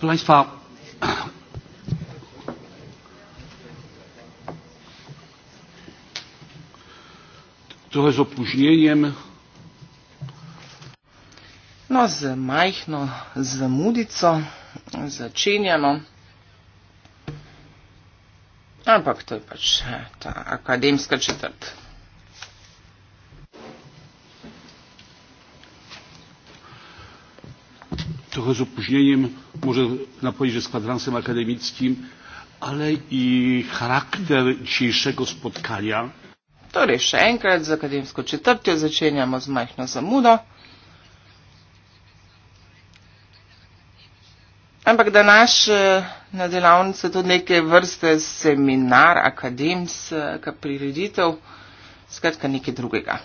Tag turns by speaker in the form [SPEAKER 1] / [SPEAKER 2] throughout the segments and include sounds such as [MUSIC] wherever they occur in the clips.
[SPEAKER 1] Vielleicht war
[SPEAKER 2] trochę z opóźnieniem. No, z majchno zamudico zaczynamy. Ampak to je pač eh, ta akademska četrta. trochę z opóźnieniem, może na że z kwadransem akademickim, ale i charakter dzisiejszego spotkania. Torej, še enkrat z akademsko četrtjo začenjamo z majhno zamudo. Ampak da naš eh, na delavnice tudi neke vrste seminar, akademska prireditev, skratka nekaj drugega.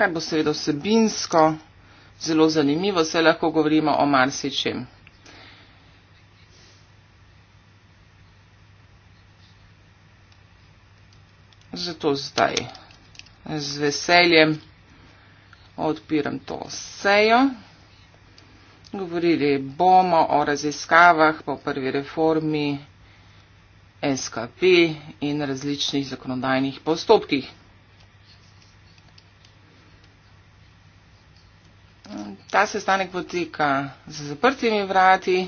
[SPEAKER 2] kar bo seveda vsebinsko zelo zanimivo, se lahko govorimo o marsičem. Zato zdaj z veseljem odpiram to sejo. Govorili bomo o raziskavah po prvi reformi SKP in različnih zakonodajnih postopkih. Ta sestanek poteka z zaprtimi vrati,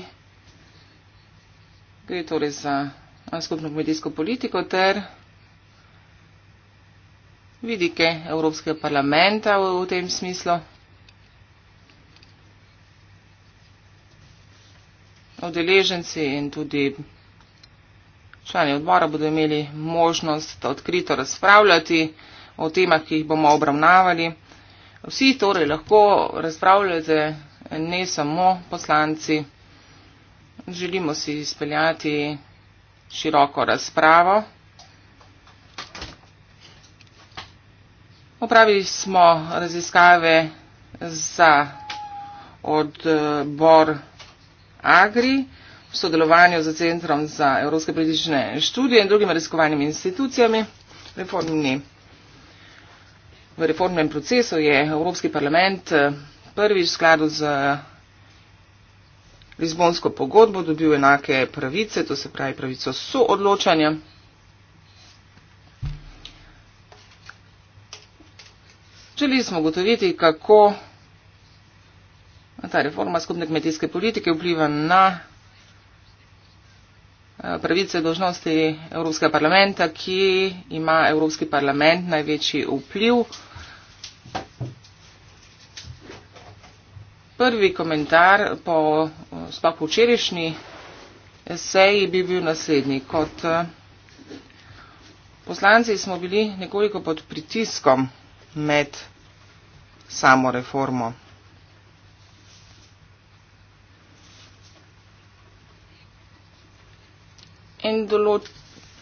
[SPEAKER 2] gre torej za skupno kmetijsko politiko ter vidike Evropskega parlamenta v, v tem smislu. Odeleženci in tudi člani odbora bodo imeli možnost odkrito razpravljati o temah, ki jih bomo obravnavali. Vsi torej lahko razpravljate, ne samo poslanci. Želimo si izpeljati široko razpravo. Opravili smo raziskave za odbor Agri v sodelovanju z Centrom za evropske politične študije in drugimi raziskovalnimi institucijami. Reformni. V reformnem procesu je Evropski parlament eh, prvič v skladu z Lizbonsko pogodbo dobil enake pravice, to se pravi pravico soodločanja. Želeli smo gotoviti, kako ta reforma skupne kmetijske politike vpliva na Eh, pravice in dožnosti Evropskega parlamenta, ki ima Evropski parlament največji vpliv. Prvi komentar po eh, spak včerajšnji seji bi bil naslednji. Kot eh, poslanci smo bili nekoliko pod pritiskom med samo reformo. določ,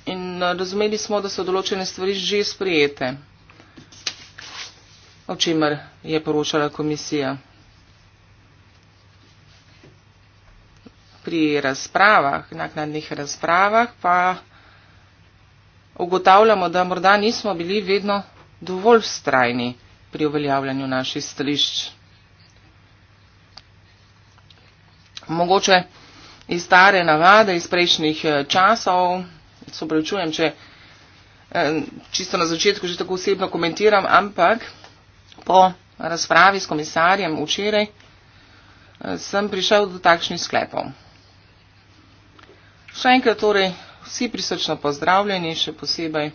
[SPEAKER 2] in eh, razumeli smo, da so določene stvari že sprijete, o čemer je poročala komisija. Pri razpravah, naknadnih razpravah, pa ugotavljamo, da morda nismo bili vedno dovolj strajni pri uveljavljanju naših stališč. Mogoče iz stare navade, iz prejšnjih eh, časov. Se pravičujem, če eh, čisto na začetku že tako osebno komentiram, ampak po razpravi s komisarjem včeraj eh, sem prišel do takšnih sklepov. Še enkrat torej vsi prisrčno pozdravljeni, še posebej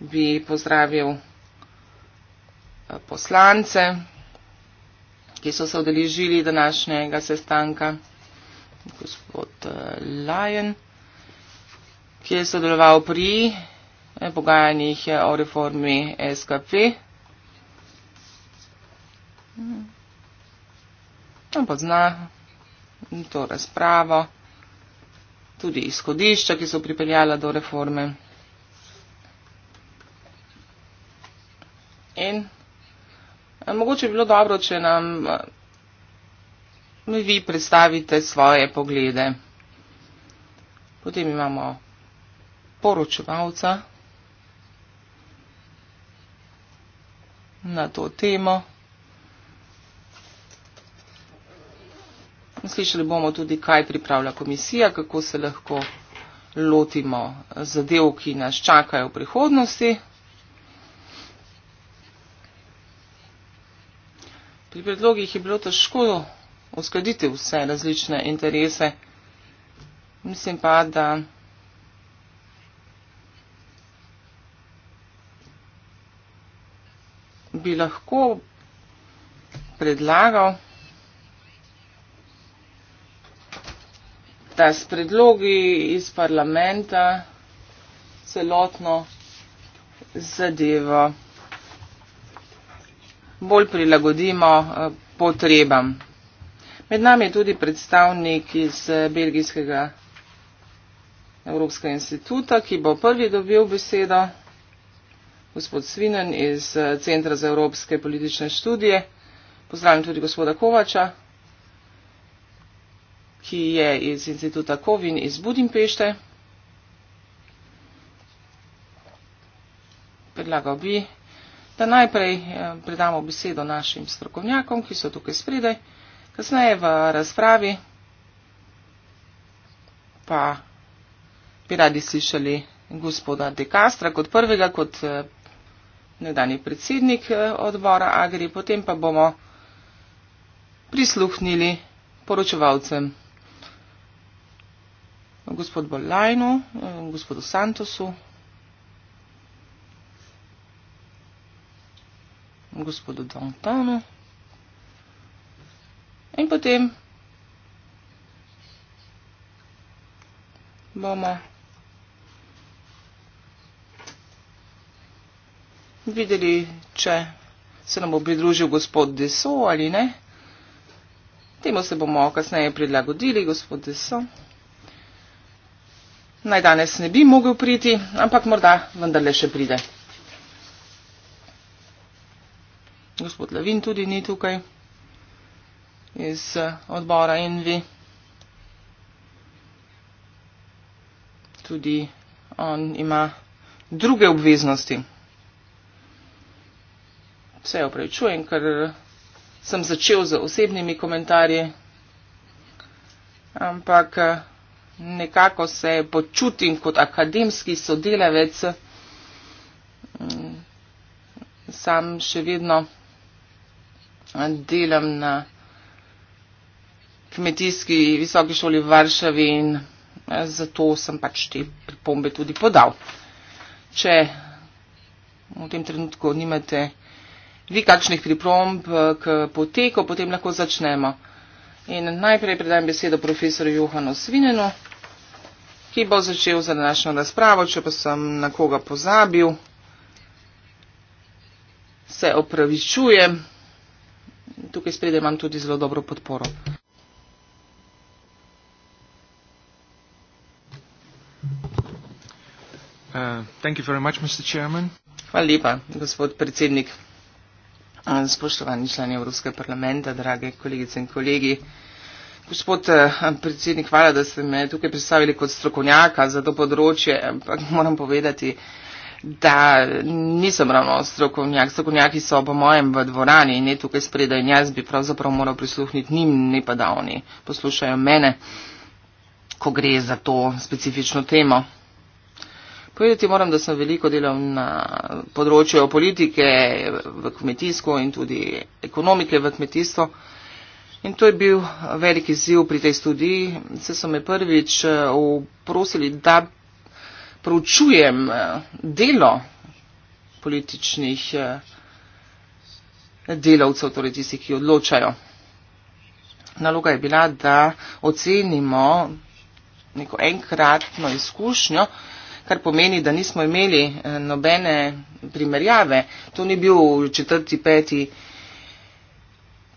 [SPEAKER 2] bi pozdravil poslance, ki so se odeležili današnjega sestanka gospod eh, Lajen, ki je sodeloval pri eh, pogajanjih eh, o reformi SKP. On pozna to razpravo, tudi izhodišča, ki so pripeljala do reforme. In mogoče bi bilo dobro, če nam mi vi predstavite svoje poglede. Potem imamo poročevalca na to temo. Slišali bomo tudi, kaj pripravlja komisija, kako se lahko lotimo zadev, ki nas čakajo v prihodnosti. Pri predlogih je bilo težko uskladiti vse različne interese. Mislim pa, da bi lahko predlagal, da s predlogi iz parlamenta celotno zadevo bolj prilagodimo eh, potrebam. Med nami je tudi predstavnik iz Belgijskega Evropskega instituta, ki bo prvi dobil besedo, gospod Svinen iz eh, Centra za evropske politične študije. Pozdravim tudi gospoda Kovača, ki je iz instituta Kovin iz Budimpešte. Predlagal bi, da najprej eh, predamo besedo našim strokovnjakom, ki so tukaj spredaj. Kasneje v razpravi pa bi radi slišali gospoda De Castra kot prvega, kot eh, nedani predsednik eh, odbora Agri, potem pa bomo prisluhnili poročevalcem gospod Bolajnu, eh, gospodu Santosu, gospodu Dontanu. In potem bomo videli, če se nam bo pridružil gospod Deso ali ne. Temu se bomo kasneje prilagodili, gospod Deso. Naj danes ne bi mogel priti, ampak morda vendarle še pride. Gospod Levin tudi ni tukaj iz eh, odbora Envi. Tudi on ima druge obveznosti. Vse opravičujem, ker sem začel z osebnimi komentarji, ampak eh, nekako se počutim kot akademski sodelavec. Mm, sam še vedno eh, delam na kmetijski visoki šoli v Varšavi in eh, zato sem pač te pripombe tudi podal. Če v tem trenutku nimate vi kakšnih pripomb eh, k poteku, potem lahko začnemo. In najprej predajem besedo profesoru Johanu Svinenu, ki bo začel za današnjo razpravo, če pa sem na koga pozabil. Se opravičujem. Tukaj spredaj imam tudi zelo dobro podporo. Uh, hvala lepa, gospod predsednik, uh, spoštovani člani Evropske parlamenta, drage kolegice in kolegi. Gospod uh, predsednik, hvala, da ste me tukaj predstavili kot strokovnjaka za to področje, ampak moram povedati, da nisem ravno strokovnjak. Strokovnjaki so po mojem v dvorani in ne tukaj spredaj in jaz bi pravzaprav moral prisluhniti njim, ne pa da oni poslušajo mene, ko gre za to specifično temo. Povedati moram, da sem veliko delal na področju politike v kmetijstvu in tudi ekonomike v kmetijstvu. In to je bil veliki ziv pri tej studiji. Se so me prvič uprosili, eh, da proučujem eh, delo političnih eh, delavcev, torej tistih, ki odločajo. Naloga je bila, da ocenimo neko enkratno izkušnjo, kar pomeni, da nismo imeli eh, nobene primerjave. To ni bil četrti, peti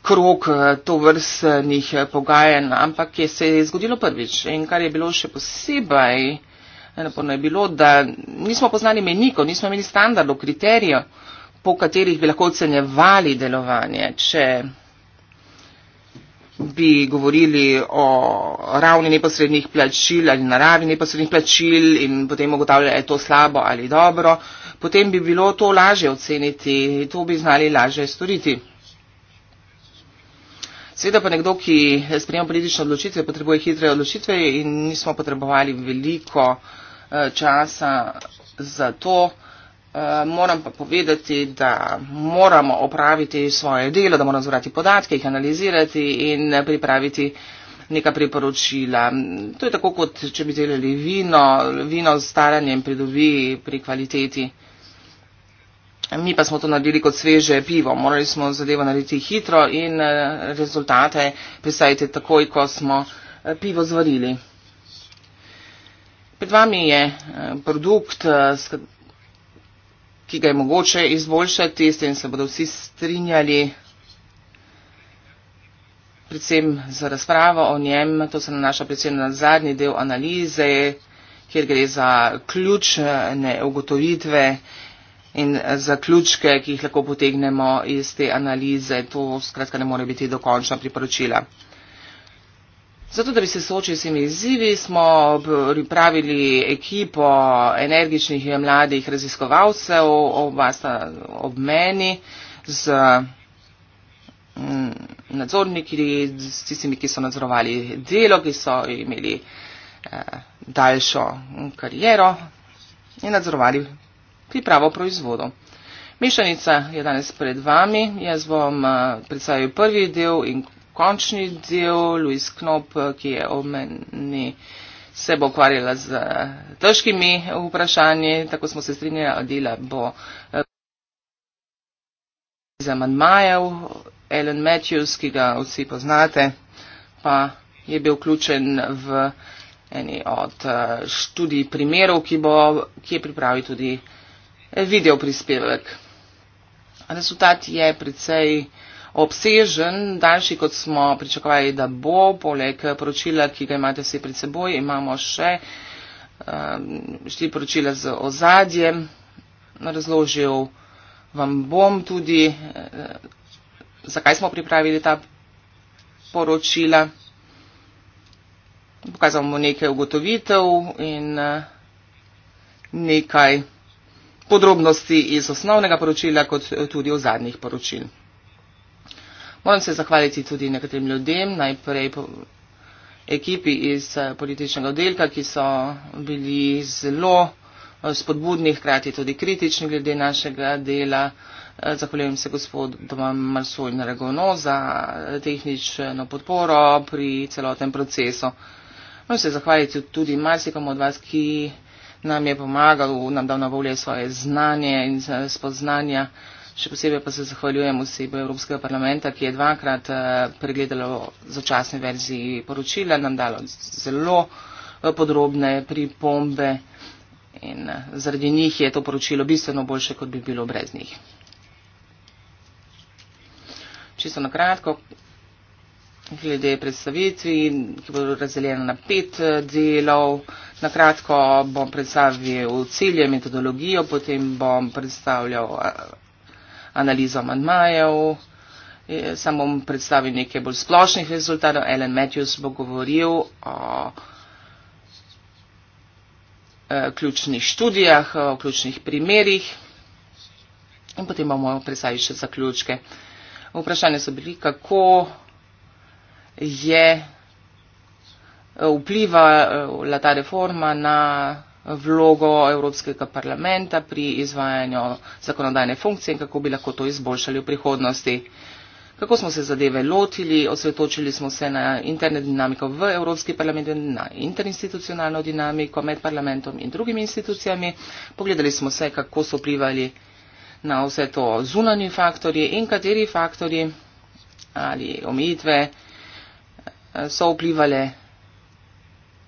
[SPEAKER 2] krok eh, tovrstnih eh, pogajanj, ampak je se zgodilo prvič. In kar je bilo še posebej naporno, je bilo, da nismo poznali menikov, nismo imeli standardov, kriterijev, po katerih bi lahko ocenjevali delovanje. Če bi govorili o ravni neposrednih plačil ali naravi neposrednih plačil in potem ugotavljali, je to slabo ali dobro, potem bi bilo to lažje oceniti in to bi znali lažje storiti. Sveda pa nekdo, ki sprejema politične odločitve, potrebuje hitre odločitve in nismo potrebovali veliko eh, časa za to. Eh, moram pa povedati, da moramo opraviti svoje delo, da moramo zbrati podatke, jih analizirati in pripraviti neka priporočila. To je tako, kot če bi delali vino, vino s staranjem pridobi pri kvaliteti. Mi pa smo to naredili kot sveže pivo. Morali smo zadevo narediti hitro in eh, rezultate predstaviti takoj, ko smo eh, pivo zvarili. Pred vami je produkt, ki ga je mogoče izboljšati, s tem se bodo vsi strinjali, predvsem za razpravo o njem, to se nanaša predvsem na zadnji del analize, kjer gre za ključne ugotovitve in zaključke, ki jih lahko potegnemo iz te analize. To skratka ne more biti dokončna priporočila. Zato, da bi se soočili s temi izzivi, smo pripravili ekipo energičnih in mladih raziskovalcev, oba sta ob meni z mm, nadzorniki, s tistimi, ki so nadzorovali delo, ki so imeli eh, daljšo kariero in nadzorovali pripravo proizvodov. Mešanica je danes pred vami. Jaz bom eh, predstavil prvi del in končni del, Luis Knop, ki je omeni, se bo ukvarjala z eh, težkimi vprašanji, tako smo se strinjali, Adila bo eh, z amandmajev, Ellen Matthews, ki ga vsi poznate, pa je bil vključen v eni od eh, študij primerov, ki, bo, ki je pripravil tudi video prispevek. Rezultat je precej uh, obsežen, daljši kot smo pričakovali, da bo. Poleg poročila, ki ga imate vsi pred seboj, imamo še um, štiri poročila z ozadjem. Razložil vam bom tudi, uh, zakaj smo pripravili ta poročila. Pokazal bom nekaj ugotovitev in uh, nekaj podrobnosti iz osnovnega poročila, kot tudi o zadnjih poročilih. Moram se zahvaliti tudi nekaterim ljudem, najprej po, ekipi iz eh, političnega oddelka, ki so bili zelo eh, spodbudni, hkrati tudi kritični glede našega dela. Eh, zahvaljujem se gospod Domam Marsoj Naragono za tehnično podporo pri celotnem procesu. Moram se zahvaliti tudi marsikom od vas, ki nam je pomagal, nam dal na volje svoje znanje in spoznanja. Še posebej pa se zahvaljujem osebi Evropskega parlamenta, ki je dvakrat eh, pregledalo začasne verziji poročila, nam dalo zelo eh, podrobne pripombe in eh, zaradi njih je to poročilo bistveno boljše, kot bi bilo brez njih. Čisto na kratko, glede predstavitvi, ki bodo razdeljene na pet delov. Na kratko bom predstavil cilje, metodologijo, potem bom predstavljal analizo amandmajev. E, sam bom predstavil nekaj bolj splošnih rezultatov. Ellen Matthews bo govoril o e, ključnih študijah, o ključnih primerih in potem bomo predstavili še zaključke. Vprašanje so bili, kako je vplivala e, ta reforma na vlogo Evropskega parlamenta pri izvajanju zakonodajne funkcije in kako bi lahko to izboljšali v prihodnosti. Kako smo se zadeve lotili, osvetočili smo se na interno dinamiko v Evropski parlamentu, na interinstitucionalno dinamiko med parlamentom in drugimi institucijami, pogledali smo se, kako so privali na vse to zunanji faktori in kateri faktori ali omejitve eh, so vplivali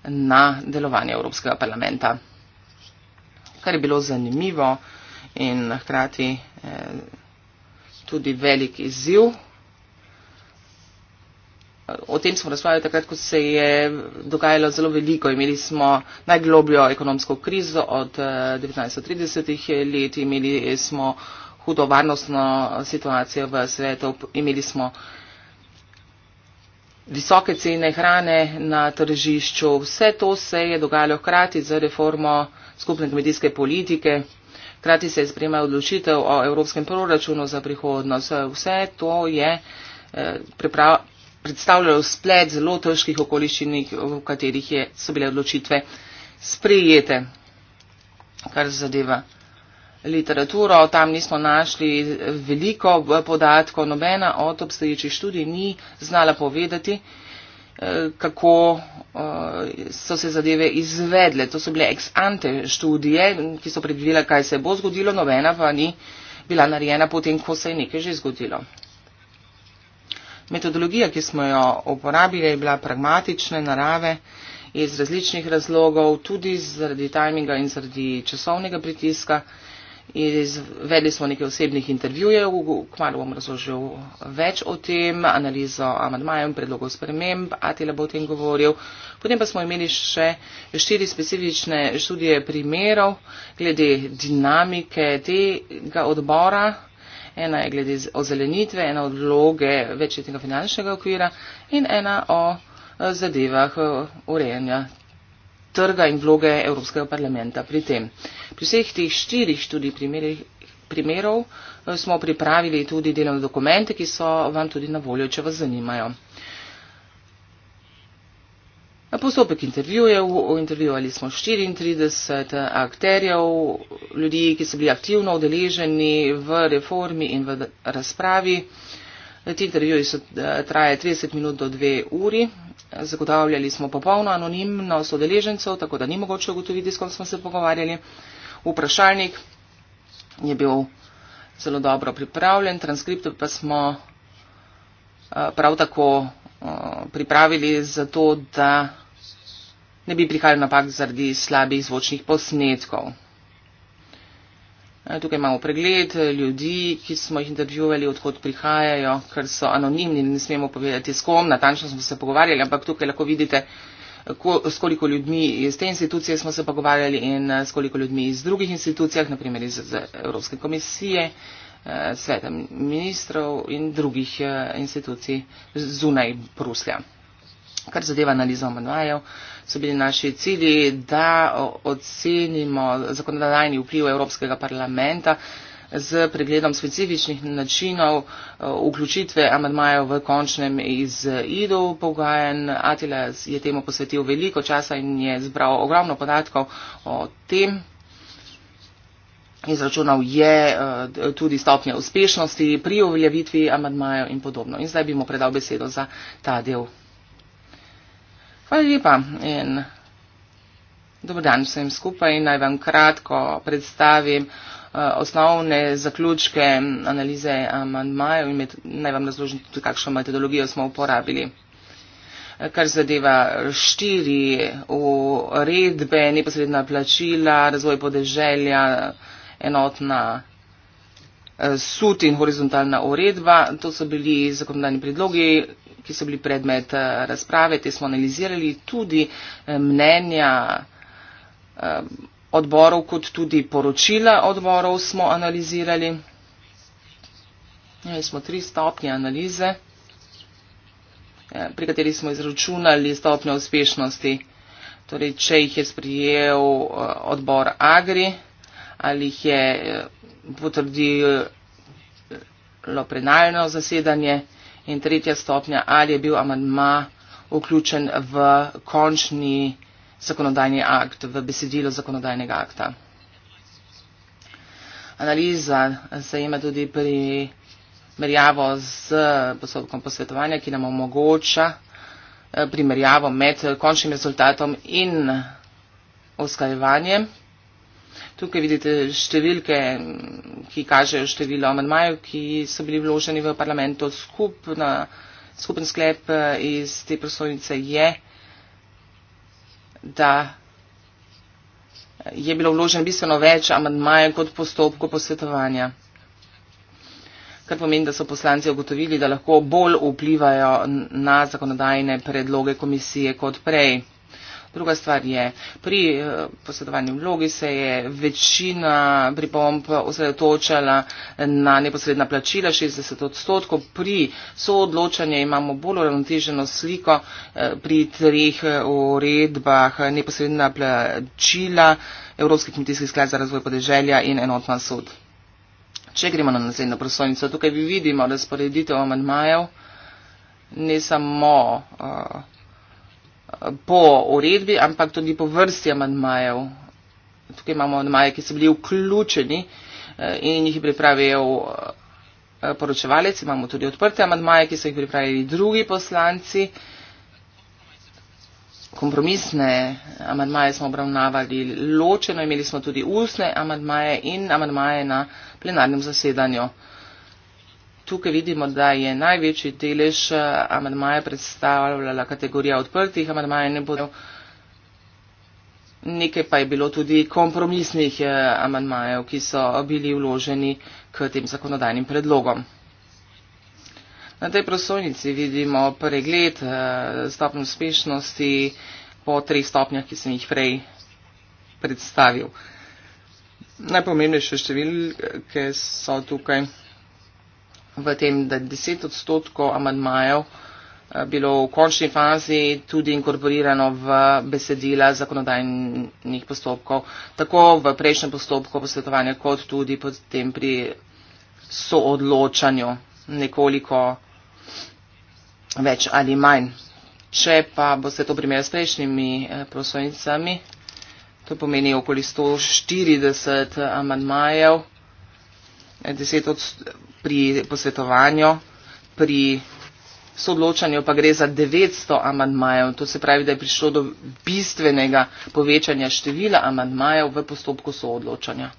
[SPEAKER 2] na delovanje Evropskega parlamenta kar je bilo zanimivo in hkrati eh, tudi velik izziv. O tem smo razpravljali takrat, ko se je dogajalo zelo veliko. Imeli smo najglobjo ekonomsko krizo od 1930-ih eh, let, imeli smo hudo varnostno situacijo v svetu, imeli smo visoke cene hrane na tržišču. Vse to se je dogajalo hkrati z reformo skupne kmetijske politike. Hkrati se je sprejemala odločitev o evropskem proračunu za prihodnost. Vse to je eh, priprav, predstavljalo splet zelo težkih okoliščin, v katerih je, so bile odločitve sprejete, kar zadeva literaturo, tam nismo našli veliko podatkov, nobena od obstoječih študij ni znala povedati, eh, kako eh, so se zadeve izvedle. To so bile ex ante študije, ki so predvidele, kaj se bo zgodilo, nobena pa ni bila narejena potem, ko se je nekaj že zgodilo. Metodologija, ki smo jo uporabili, je bila pragmatične narave iz različnih razlogov, tudi zaradi tajminga in zaradi časovnega pritiska. Izvedli smo nekaj osebnih intervjujev, kmalo bom razložil več o tem, analizo amadmajev in predlogov sprememb, Atila bo o tem govoril. Potem pa smo imeli še štiri specifične študije primerov glede dinamike tega odbora. Ena je glede ozelenitve, ena od vloge večjetnega finančnega okvira in ena o zadevah urejanja trga in vloge Evropskega parlamenta pri tem. Pri vseh teh štirih tudi primerov eh, smo pripravili tudi delovne dokumente, ki so vam tudi na voljo, če vas zanimajo. Postopek intervjujev, intervjuvali smo 34 eh, akterjev, ljudi, ki so bili aktivno udeleženi v reformi in v razpravi. Ti intervjuji so, eh, traje 30 minut do 2 uri, zagotavljali smo popolno anonimnost odeležencev, tako da ni mogoče ugotoviti, s kom smo se pogovarjali. Vprašalnik je bil zelo dobro pripravljen, transkript pa smo eh, prav tako eh, pripravili zato, da ne bi prihajali napak zaradi slabih zvočnih posnetkov. Eh, tukaj imamo pregled eh, ljudi, ki smo jih intervjuvali, odhod prihajajo, ker so anonimni, ne smemo povedati, s kom natančno smo se pogovarjali, ampak tukaj lahko vidite, eh, s koliko ljudmi iz te institucije smo se pogovarjali in s koliko ljudmi iz drugih institucij, naprimer iz Evropske komisije, sveta ministrov in drugih institucij zunaj Bruslja. Kar zadeva analizo manjvajev, so bili naši cilji, da ocenimo zakonodajni vpliv Evropskega parlamenta z pregledom specifičnih načinov eh, vključitve amadmajev v končnem izidu pogajen. Atilas je temu posvetil veliko časa in je zbral ogromno podatkov o tem. Izračunal je eh, tudi stopnje uspešnosti pri uveljavitvi amadmajev in podobno. In zdaj bi mu predal besedo za ta del. Hvala lepa in dober dan vsem skupaj. Naj vam kratko predstavim eh, osnovne zaključke analize amandmajev in med, naj vam razložim tudi, kakšno metodologijo smo uporabili. Eh, kar zadeva štiri uredbe, neposredna plačila, razvoj podeželja, enotna Eh, sut in horizontalna uredba. To so bili zakonodajni predlogi, ki so bili predmet eh, razprave. Te smo analizirali tudi eh, mnenja odborov, kot tudi poročila odborov smo analizirali. Imeli smo tri stopnje analize, pri kateri smo izračunali stopnje uspešnosti. Torej, če jih je sprijel odbor Agri ali jih je potrdilo plenarno zasedanje in tretja stopnja, ali je bil amadma vključen v končni zakonodajni akt, v besedilo zakonodajnega akta. Analiza se ima tudi pri merjavo z postopkom posvetovanja, ki nam omogoča eh, primerjavo med končnim rezultatom in oskajevanjem. Tukaj vidite številke, ki kažejo število amadmajev, ki so bili vloženi v parlamentu. Skupna, skupen sklep eh, iz te prosojnice je, da je bilo vloženo bistveno več amadmajev kot postopku posvetovanja. Kar pomeni, da so poslanci ugotovili, da lahko bolj vplivajo na zakonodajne predloge komisije kot prej. Druga stvar je, pri eh, posredovanju vlogi se je večina pripomp osredotočala na neposredna plačila, 60 odstotkov. Pri soodločanju imamo bolj uravnoteženo sliko eh, pri treh eh, uredbah neposredna plačila, Evropski kmetijski sklad za razvoj podeželja in enotna sod. Če gremo na naslednjo prosojnico, tukaj vidimo razporeditev amandmajev, ne samo uh, po uredbi, ampak tudi po vrsti amandmajev. Tukaj imamo amandmaje, ki so bili vključeni eh, in jih je pripravil eh, poročevalec. Imamo tudi odprte amandmaje, ki so jih pripravili drugi poslanci. Kompromisne amandmaje smo obravnavali ločeno, imeli smo tudi ustne amandmaje in amandmaje na plenarnem zasedanju. Tukaj vidimo, da je največji delež eh, amadmaja predstavljala kategorija odprtih amadmaja in ne bodo. Nekaj pa je bilo tudi kompromisnih eh, amadmajev, ki so bili vloženi k tem zakonodajnim predlogom. Na tej prosojnici vidimo pregled eh, stopnjo uspešnosti po treh stopnjah, ki sem jih prej predstavil. Najpomembnejše številke so tukaj v tem, da je 10 odstotkov amadmajev eh, bilo v končni fazi tudi inkorporirano v besedila zakonodajnih postopkov, tako v prejšnjem postopku posvetovanja, kot tudi potem pri soodločanju nekoliko več ali manj. Če pa boste to primerjali s prejšnjimi eh, prosojnicami, to pomeni okoli 140 amadmajev deset pri posvetovanju, pri soodločanju pa gre za 900 amandmajev. To se pravi, da je prišlo do bistvenega povečanja števila amandmajev v postopku soodločanja.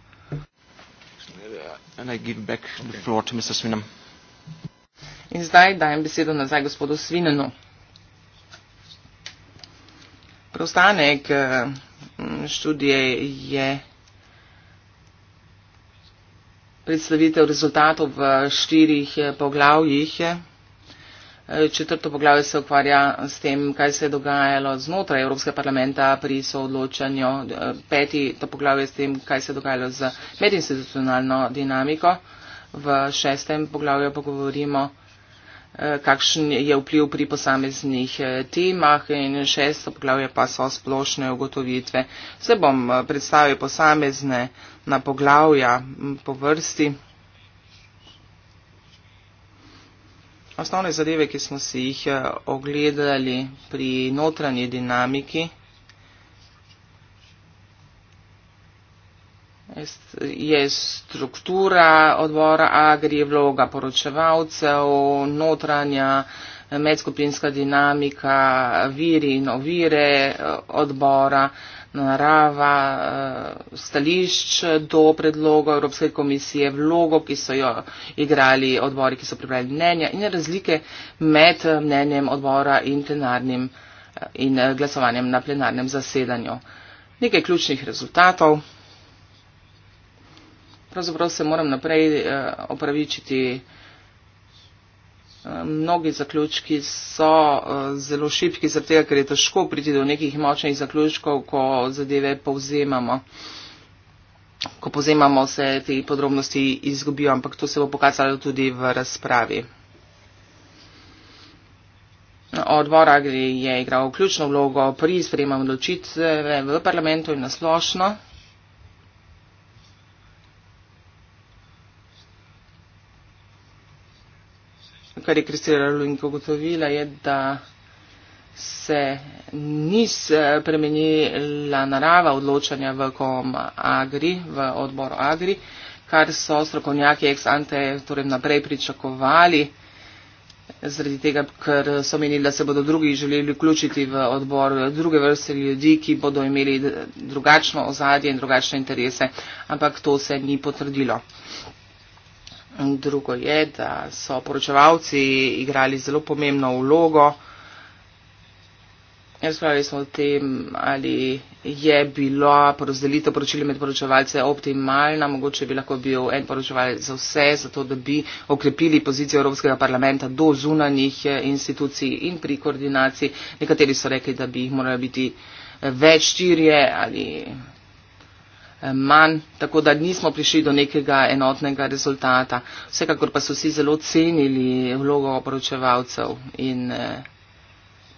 [SPEAKER 2] In zdaj dajem besedo nazaj gospodu Svinenu. Preostanek eh, študije je predstavitev rezultatov v štirih eh, poglavjih. Eh, četrto poglavje se ukvarja s tem, kaj se je dogajalo znotraj Evropskega parlamenta pri soodločanju. Eh, peti to poglavje s tem, kaj se je dogajalo z medinstitucionalno dinamiko. V šestem poglavju pa govorimo. Eh, kakšen je vpliv pri posameznih eh, temah in šesto poglavje pa so splošne ugotovitve. Se bom eh, predstavil posamezne na poglavja po vrsti. Osnovne zadeve, ki smo si jih ogledali pri notranji dinamiki, je struktura odbora Agri, vloga poročevalcev, notranja medskupinska dinamika, viri in ovire odbora, narava, eh, stališč do predloga Evropske komisije, vlogo, ki so jo igrali odbori, ki so pripravili mnenja in razlike med mnenjem odbora in, eh, in eh, glasovanjem na plenarnem zasedanju. Nekaj ključnih rezultatov pravzaprav se moram naprej eh, opravičiti. Eh, mnogi zaključki so eh, zelo šipki, zato ker je težko priti do nekih močnih zaključkov, ko zadeve povzemamo. Ko povzemamo vse te podrobnosti, izgubijo, ampak to se bo pokazalo tudi v razpravi. Odbor Agri je igral ključno vlogo pri sprejemanju odločitve v parlamentu in nasplošno. kar je Kristina Lunjka ugotovila, je, da se ni spremenila eh, narava odločanja v kom Agri, v odboru Agri, kar so strokovnjaki ex ante torej naprej pričakovali, zaradi tega, ker so menili, da se bodo drugi želeli vključiti v odbor druge vrste ljudi, ki bodo imeli drugačno ozadje in drugačne interese, ampak to se ni potrdilo. Drugo je, da so poročevalci igrali zelo pomembno vlogo. Razpravljali smo o tem, ali je bilo porozdelitev poročil med poročevalce optimalna, mogoče bi lahko bil en poročevalec za vse, zato da bi okrepili pozicijo Evropskega parlamenta do zunanjih eh, institucij in pri koordinaciji. Nekateri so rekli, da bi jih morali biti eh, več štirje ali manj, tako da nismo prišli do nekega enotnega rezultata. Vsekakor pa so vsi zelo cenili vlogo poročevalcev in eh,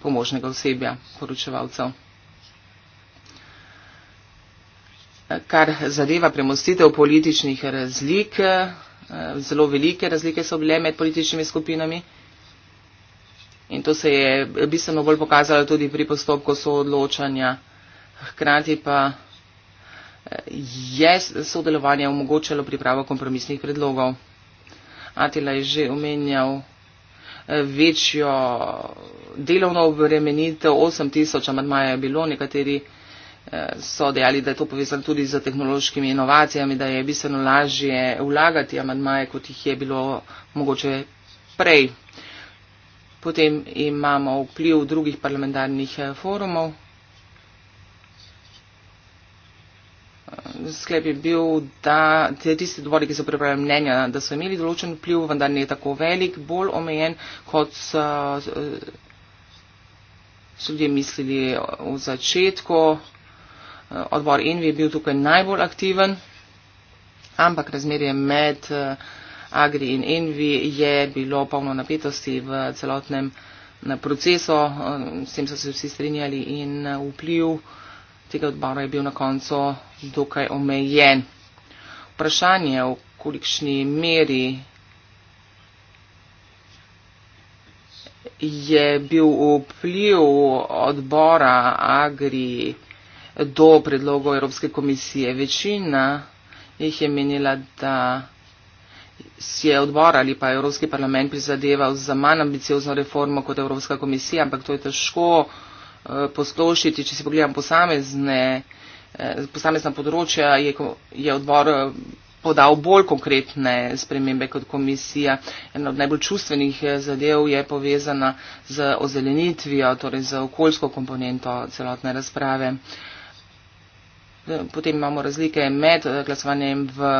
[SPEAKER 2] pomožnega osebja poročevalcev. Kar zadeva premostitev političnih razlik, eh, zelo velike razlike so bile med političnimi skupinami. In to se je bistveno bolj pokazalo tudi pri postopku soodločanja. Hkrati pa je sodelovanje omogočalo pripravo kompromisnih predlogov. Atila je že omenjal eh, večjo delovno obremenitev, 8 tisoč amadmaja je bilo, nekateri eh, so dejali, da je to povezano tudi z tehnološkimi inovacijami, da je bistveno lažje vlagati amadmaje, kot jih je bilo mogoče prej. Potem imamo vpliv drugih parlamentarnih eh, forumov. sklep je bil, da te tiste odbori, ki so pripravljali mnenja, da so imeli določen vpliv, vendar ne tako velik, bolj omejen, kot so, eh, so ljudje mislili v začetku. Eh, odbor Envi je bil tukaj najbolj aktiven, ampak razmerje med eh, Agri in Envi je bilo polno napetosti v celotnem procesu, s tem so se vsi strinjali in vpliv tega odbora je bil na koncu dokaj omejen. Vprašanje, v kolikšni meri je bil vpliv odbora Agri do predlogov Evropske komisije. Večina jih je menila, da si je odbor ali pa Evropski parlament prizadeval za manj ambiciozno reformo kot Evropska komisija, ampak to je težko Eh, poslušiti, če si pogledam posamezne, eh, posamezna področja, je, je odbor eh, podal bolj konkretne spremembe kot komisija. Ena od najbolj čustvenih zadev je povezana z ozelenitvijo, torej z okoljsko komponento celotne razprave. Potem imamo razlike med glasovanjem v,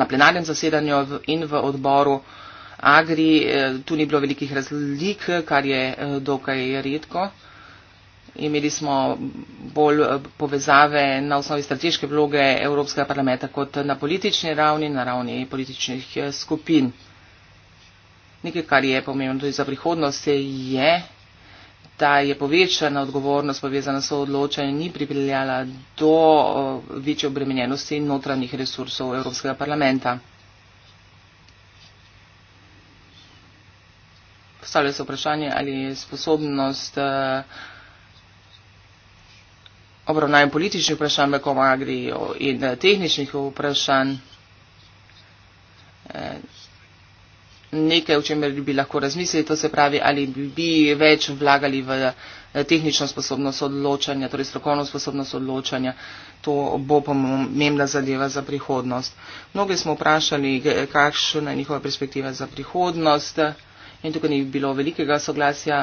[SPEAKER 2] na plenarnem zasedanju in v odboru. Agri, eh, tu ni bilo velikih razlik, kar je eh, dokaj redko. Imeli smo bolj eh, povezave na osnovi strateške vloge Evropskega parlamenta kot na politični ravni, na ravni političnih skupin. Nekaj, kar je pomembno tudi za prihodnost, je, da je povečana odgovornost povezana s odločanjem ni pripeljala do večje obremenjenosti notranjih resursov Evropskega parlamenta. postavlja se vprašanje, ali je sposobnost eh, obravnave političnih vprašanj v Komagri in eh, tehničnih vprašanj eh, nekaj, o čemer bi lahko razmislili, to se pravi, ali bi več vlagali v tehnično sposobnost odločanja, torej strokovno sposobnost odločanja. To bo pomembna zadeva za prihodnost. Mnogi smo vprašali, kakšna je njihova perspektiva za prihodnost. In tukaj ni bilo velikega soglasja,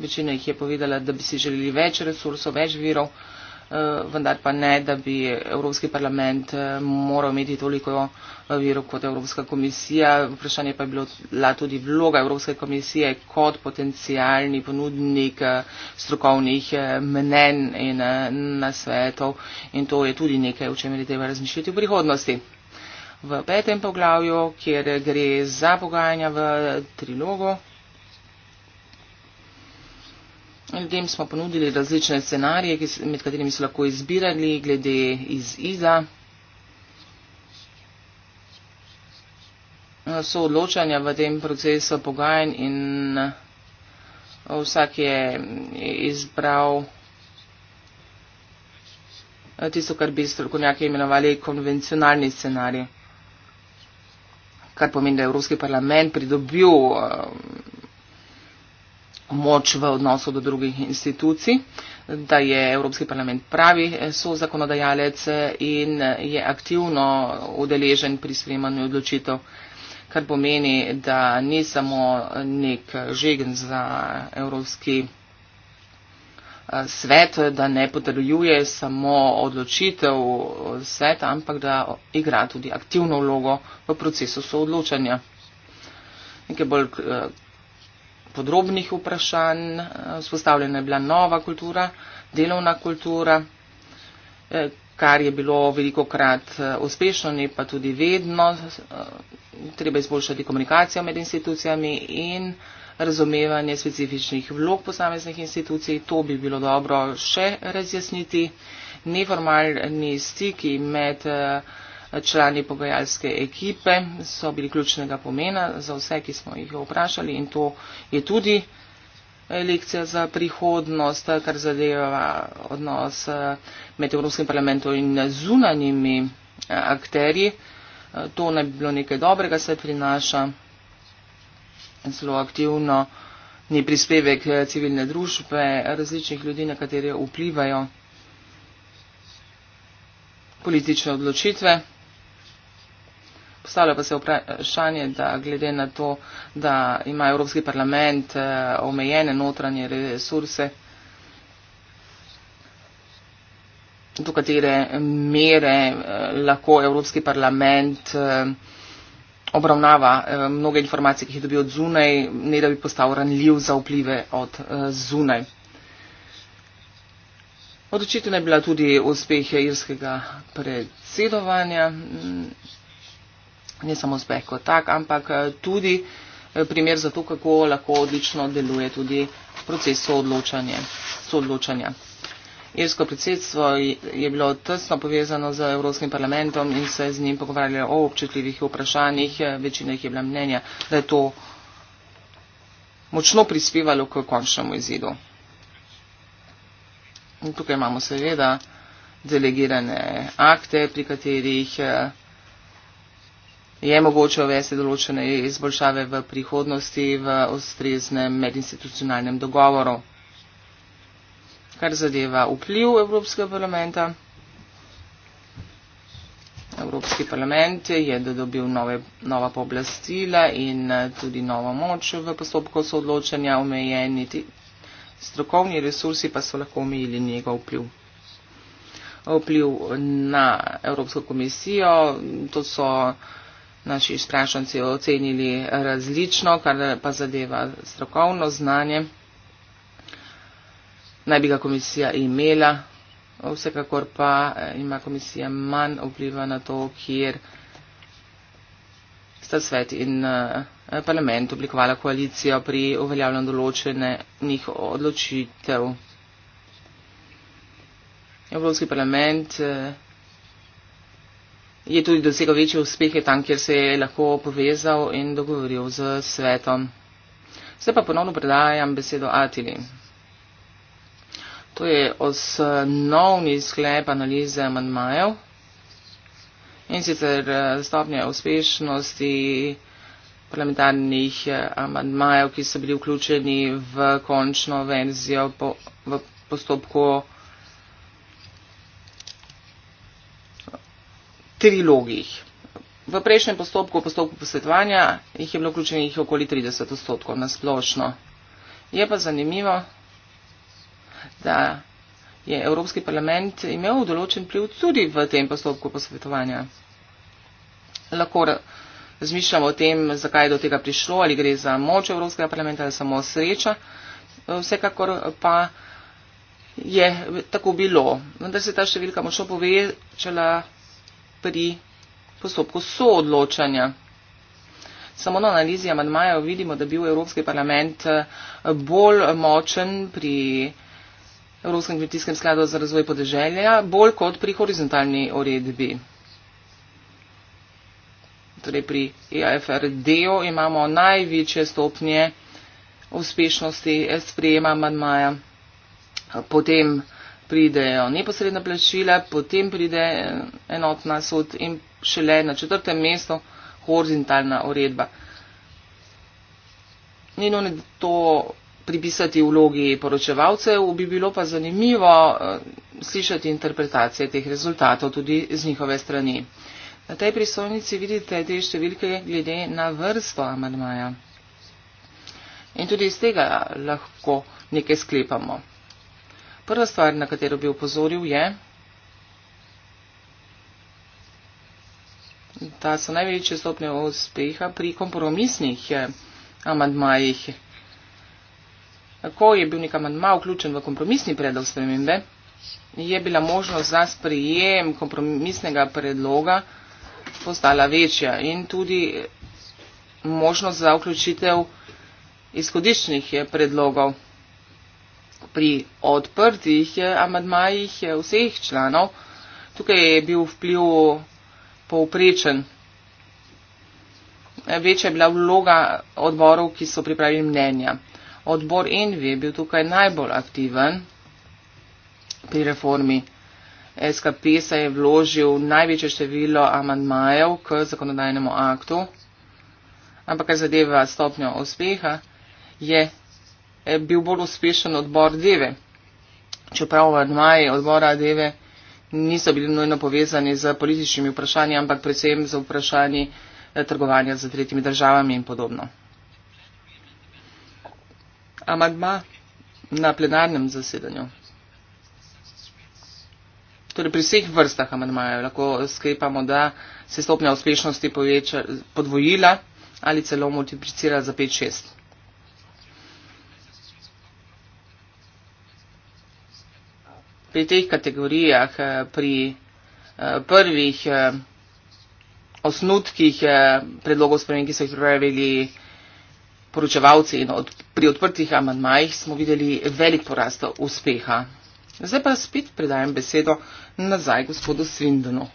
[SPEAKER 2] večina jih je povedala, da bi si želeli več resursov, več virov, eh, vendar pa ne, da bi Evropski parlament eh, moral imeti toliko eh, virov kot Evropska komisija. Vprašanje pa je bila tudi vloga Evropske komisije kot potencijalni ponudnik strokovnih mnen in nasvetov. In to je tudi nekaj, o čemer je treba razmišljati v prihodnosti v petem poglavju, kjer gre za pogajanja v trilogu. Ljudem smo ponudili različne scenarije, med katerimi so lahko izbirali glede iz IGA. So odločanja v tem procesu pogajanj in eh, vsak je izbral eh, tisto, kar bi strokovnjaki imenovali konvencionalni scenarij kar pomeni, da je Evropski parlament pridobil um, moč v odnosu do drugih institucij, da je Evropski parlament pravi eh, so zakonodajalec eh, in eh, je aktivno udeležen pri sprejemanju odločitev, kar pomeni, da ni samo nek žegen za Evropski parlament svet, da ne potrjuje samo odločitev sveta, ampak da igra tudi aktivno vlogo v procesu soodločanja. Nekaj bolj eh, podrobnih vprašanj, spostavljena eh, je bila nova kultura, delovna kultura, eh, kar je bilo veliko krat uspešno, ne pa tudi vedno. Treba izboljšati komunikacijo med institucijami in razumevanje specifičnih vlog posameznih institucij. To bi bilo dobro še razjasniti. Neformalni stiki med eh, člani pogajalske ekipe so bili ključnega pomena za vse, ki smo jih vprašali in to je tudi eh, lekcija za prihodnost, eh, kar zadeva odnos med Evropskim parlamentom in zunanjimi akterji. To naj bi bilo nekaj dobrega, se prinaša zelo aktivno, ni prispevek eh, civilne družbe, različnih ljudi, na katere vplivajo politične odločitve. Postavlja pa se vprašanje, da glede na to, da ima Evropski parlament eh, omejene notranje resurse, do katere mere eh, lahko Evropski parlament obravnava e, mnoge informacije, ki jih dobijo od zunaj, ne da bi postal ranljiv za vplive od e, zunaj. Odločitvena je bila tudi uspehe irskega predsedovanja, mm, ne samo uspeh kot tak, ampak eh, tudi primer za to, kako lahko odlično deluje tudi proces soodločanja. Irsko predsedstvo je bilo tesno povezano z Evropskim parlamentom in se z njim pogovarjali o občutljivih vprašanjih. Večina jih je bila mnenja, da je to močno prispevalo k končnemu izidu. In tukaj imamo seveda delegirane akte, pri katerih eh, je mogoče uvesti določene izboljšave v prihodnosti v ustreznem medinstitucionalnem dogovoru kar zadeva vpliv Evropskega parlamenta. Evropski parlament je dodobil nove, nova pooblastila in eh, tudi novo moč v postopku soodločanja, omejeni ti strokovni resursi pa so lahko omejili njegov vpliv. Vpliv na Evropsko komisijo, to so naši sprašanci ocenili različno, kar pa zadeva strokovno znanje naj bi ga komisija imela, vsekakor pa eh, ima komisija manj vpliva na to, kjer sta svet in eh, parlament oblikovala koalicijo pri uveljavljanju določenih odločitev. Evropski parlament eh, je tudi dosegal večje uspehe tam, kjer se je lahko povezal in dogovoril z svetom. Zdaj pa ponovno predajam besedo Atili. To je osnovni sklep analize manjmajev in sicer eh, stopnje uspešnosti parlamentarnih eh, manjmajev, ki so bili vključeni v končno verzijo v postopku trilogih. V prejšnjem postopku, v postopku posvetovanja, jih je bilo vključenih okoli 30 odstotkov na splošno. Je pa zanimivo, da je Evropski parlament imel določen pliv tudi v tem postopku posvetovanja. Lahko razmišljamo o tem, zakaj je do tega prišlo, ali gre za moč Evropskega parlamenta ali samo sreča. Vsekakor pa je tako bilo, vendar se je ta številka močno povečala pri postopku soodločanja. Samo na analizi amadmajev vidimo, da je bil Evropski parlament bolj močen pri Evropskem kmetijskem skladu za razvoj podeželja, bolj kot pri horizontalni uredbi. Torej pri EFRD-u imamo največje stopnje uspešnosti sprejema manmaja, potem pridejo neposredna plačila, potem pride eh, enotna sod in šele na četrtem mestu horizontalna uredba. Njeno ne to pripisati vlogi poročevalcev, bi bilo pa zanimivo eh, slišati interpretacije teh rezultatov tudi z njihove strani. Na tej pristojnici vidite te številke glede na vrsto amadmaja. In tudi iz tega lahko nekaj sklepamo. Prva stvar, na katero bi upozoril, je, da so največje stopnje uspeha pri kompromisnih eh, amadmajih ko je bil nekam manj vključen v kompromisni predlog spremembe, je bila možnost za sprijem kompromisnega predloga postala večja in tudi možnost za vključitev izhodiščnih predlogov pri odprtih amadmajih vseh članov. Tukaj je bil vpliv povprečen. Večja je bila vloga odborov, ki so pripravili mnenja. Odbor Envi je bil tukaj najbolj aktiven pri reformi. SKP se je vložil največje število amandmajev k zakonodajnemu aktu, ampak kar zadeva stopnjo uspeha, je eh, bil bolj uspešen odbor Deve. Čeprav amandmaji odbora Deve niso bili nujno povezani z političnimi vprašanji, ampak predvsem z vprašanji eh, trgovanja z tretjimi državami in podobno amadma na plenarnem zasedanju. Torej pri vseh vrstah amadmajev lahko sklepamo, da se stopnja uspešnosti poveča, podvojila ali celo multiplicira za 5-6. Pri teh kategorijah, eh, pri eh, prvih eh, osnutkih predlogov spremen, ki so jih pravili, poročevalci in od, pri odprtih amandmajih smo videli velik porast uspeha. Zdaj pa spet predajam besedo nazaj gospodu Svindonu.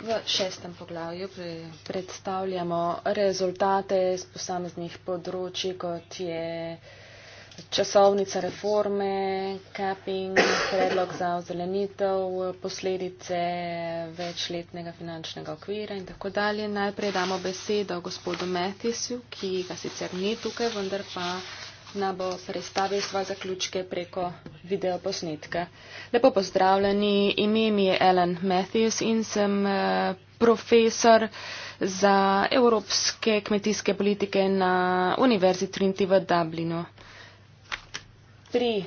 [SPEAKER 1] V šestem poglavju predstavljamo rezultate z posameznih področji, kot je časovnica reforme, capping, predlog za ozelenitev, posledice večletnega finančnega okvira in tako dalje. Najprej damo besedo gospodu Metisju, ki ga sicer ni tukaj, vendar pa nam bo predstavil svoje zaključke preko videoposnetka. Lepo pozdravljeni, ime mi je Ellen Matthews in sem eh, profesor za evropske kmetijske politike na Univerzi Trinity v Dublinu pri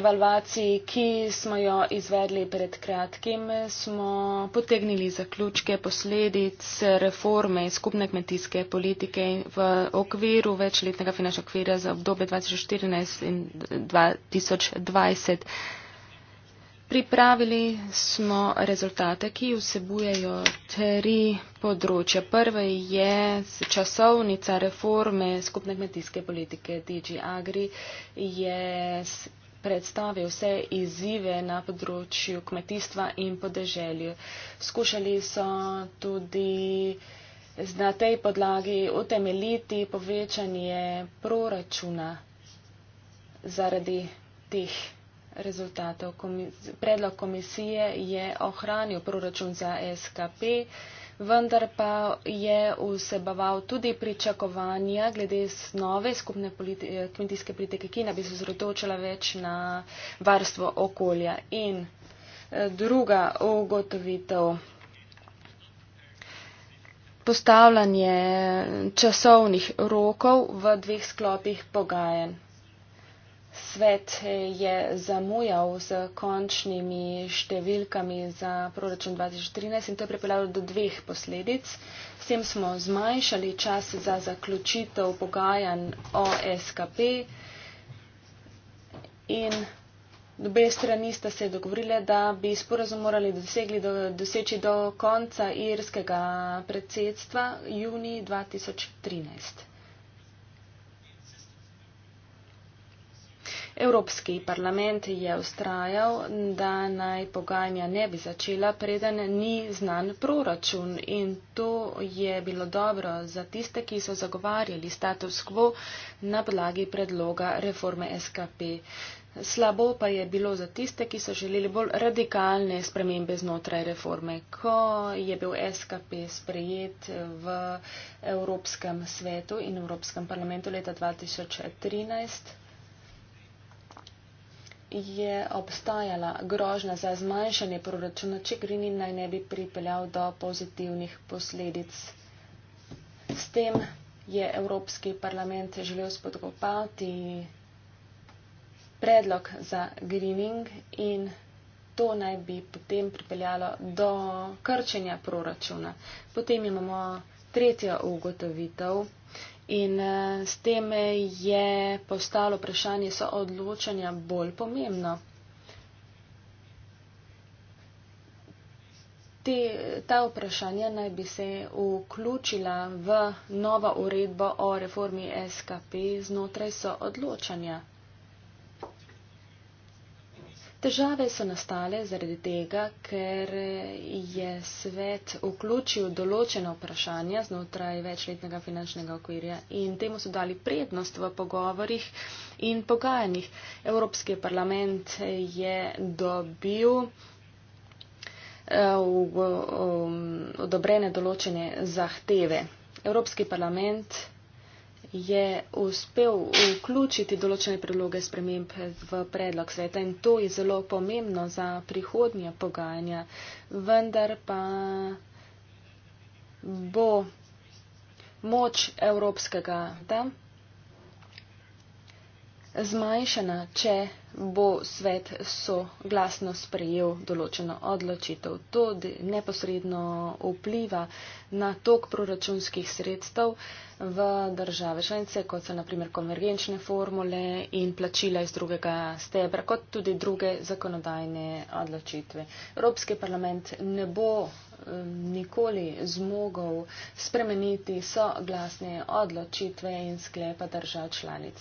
[SPEAKER 1] evalvaciji, ki smo jo izvedli pred kratkim, smo potegnili zaključke posledic reforme skupne kmetijske politike v okviru večletnega finančnega okvira za obdobje 2014 in 2020. Pripravili smo rezultate, ki vsebujejo tri področja. Prvo je časovnica reforme skupne kmetijske politike DG Agri. Je predstavil vse izzive na področju kmetijstva in podeželju. Skušali so tudi na tej podlagi utemeljiti povečanje proračuna zaradi teh rezultatov. Predlog komisije je ohranil proračun za SKP, vendar pa je vseboval tudi pričakovanja glede nove skupne kmetijske politike, ki naj bi se zrotočila več na varstvo okolja. In eh, druga ugotovitev. Postavljanje časovnih rokov v dveh sklopih pogajanj svet eh, je zamujal z končnimi številkami za proračun 2013 in to je pripeljalo do dveh posledic. S tem smo zmanjšali čas za zaključitev pogajanj o SKP in dobe strani sta se dogovorile, da bi sporazum morali dosegli do, doseči do konca irskega predsedstva juni 2013. Evropski parlament je ustrajal, da naj pogajanja ne bi začela, preden ni znan proračun. In to je bilo dobro za tiste, ki so zagovarjali status quo na podlagi predloga reforme SKP. Slabo pa je bilo za tiste, ki so želeli bolj radikalne spremembe znotraj reforme. Ko je bil SKP sprejet v Evropskem svetu in Evropskem parlamentu leta 2013, je obstajala grožna za zmanjšanje proračuna, če Greening naj ne bi pripeljal do pozitivnih posledic. S tem je Evropski parlament želel spodkopati predlog za Greening in to naj bi potem pripeljalo do krčenja proračuna. Potem imamo tretja ugotovitev. In eh, s tem je postalo vprašanje soodločanja bolj pomembno. Te, ta vprašanja naj bi se vključila v novo uredbo o reformi SKP znotraj soodločanja. Težave so nastale zaradi tega, ker je svet vključil določena vprašanja znotraj večletnega finančnega okvirja in temu so dali prednost v pogovorjih in pogajanjih. Evropski parlament je dobil eh, um, odobrene določene zahteve. Evropski parlament je uspel vključiti določene predloge sprememb v predlog sveta in to je zelo pomembno za prihodnje pogajanja, vendar pa bo moč evropskega da zmanjšana, če bo svet soglasno sprejel določeno odločitev. To neposredno vpliva na tok proračunskih sredstev v države šlence, kot so naprimer konvergenčne formule in plačila iz drugega stebra, kot tudi druge zakonodajne odločitve. Evropski parlament ne bo eh, nikoli zmogel spremeniti soglasne odločitve in sklepa držav članic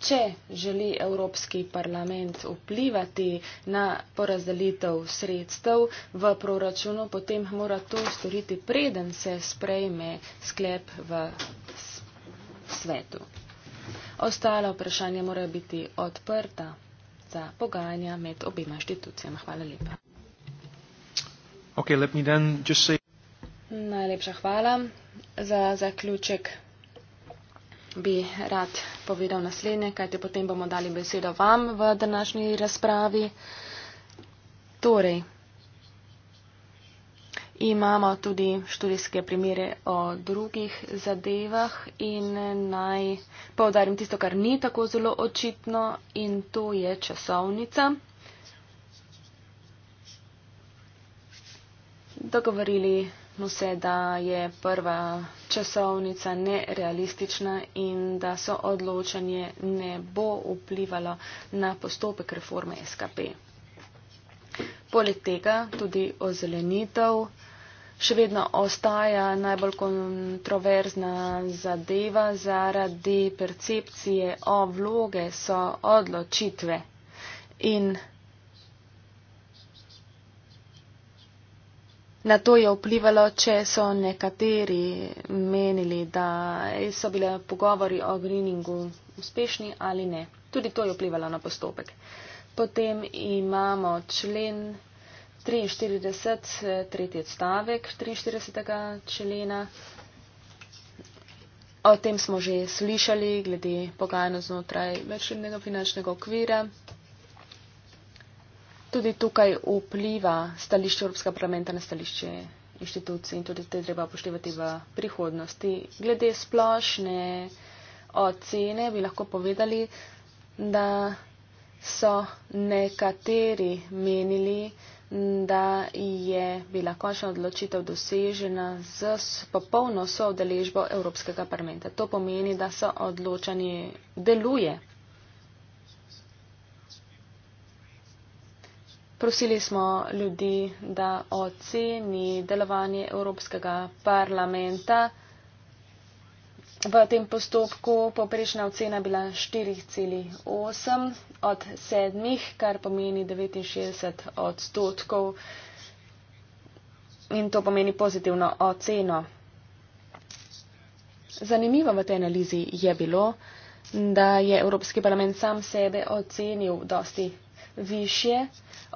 [SPEAKER 1] če želi Evropski parlament vplivati na porazdelitev sredstev v proračunu, potem mora to storiti preden se sprejme sklep v svetu. Ostala vprašanja morajo biti odprta za pogajanja med obima inštitucijama. Hvala lepa.
[SPEAKER 3] Okay, let me then just say...
[SPEAKER 1] Najlepša hvala. Za zaključek bi rad povedal naslednje, kajte potem bomo dali besedo vam v današnji razpravi. Torej, imamo tudi študijske primere o drugih zadevah in naj povdarim tisto, kar ni tako zelo očitno in to je časovnica. Dogovorili mu se, da je prva časovnica nerealistična in da so odločanje ne bo vplivalo na postopek reforme SKP. Poleg tega tudi ozelenitev še vedno ostaja najbolj kontroverzna zadeva zaradi percepcije o vloge so odločitve in Na to je vplivalo, če so nekateri menili, da so bile pogovori o greeningu uspešni ali ne. Tudi to je vplivalo na postopek. Potem imamo člen 43, tretji odstavek 43. člena. O tem smo že slišali glede pogajanja znotraj večletnega finančnega okvira tudi tukaj vpliva stališče Evropskega parlamenta na stališče inštitucij in tudi te treba upoštevati v prihodnosti. Glede splošne ocene bi lahko povedali, da so nekateri menili, da je bila končna odločitev dosežena z popolno soodeležbo Evropskega parlamenta. To pomeni, da so odločanje deluje Prosili smo ljudi, da oceni delovanje Evropskega parlamenta. V tem postopku poprečna ocena bila 4,8 od 7, kar pomeni 69 odstotkov in to pomeni pozitivno oceno. Zanimivo v tej analizi je bilo, da je Evropski parlament sam sebe ocenil dosti višje.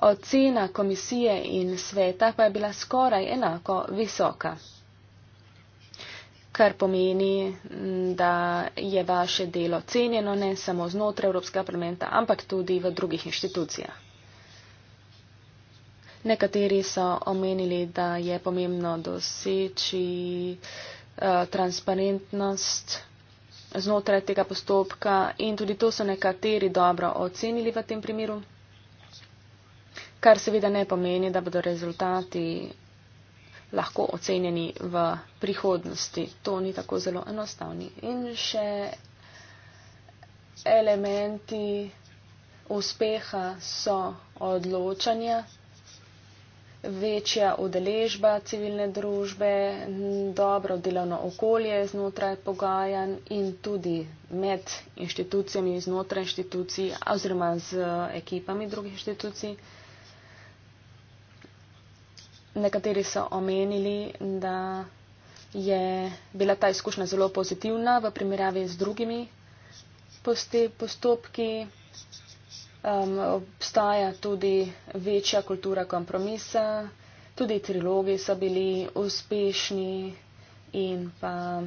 [SPEAKER 1] Ocena komisije in sveta pa je bila skoraj enako visoka, kar pomeni, da je vaše delo cenjeno ne samo znotraj Evropskega parlamenta, ampak tudi v drugih inštitucijah. Nekateri so omenili, da je pomembno doseči eh, transparentnost znotraj tega postopka in tudi to so nekateri dobro ocenili v tem primeru kar seveda ne pomeni, da bodo rezultati lahko ocenjeni v prihodnosti. To ni tako zelo enostavni. In še elementi uspeha so odločanja, večja udeležba civilne družbe, dobro delovno okolje znotraj pogajanj in tudi med inštitucijami, znotraj inštitucij oziroma z ekipami drugih inštitucij nekateri so omenili, da je bila ta izkušnja zelo pozitivna v primerjavi z drugimi postopki. Um, obstaja tudi večja kultura kompromisa, tudi trilogi so bili uspešni in pa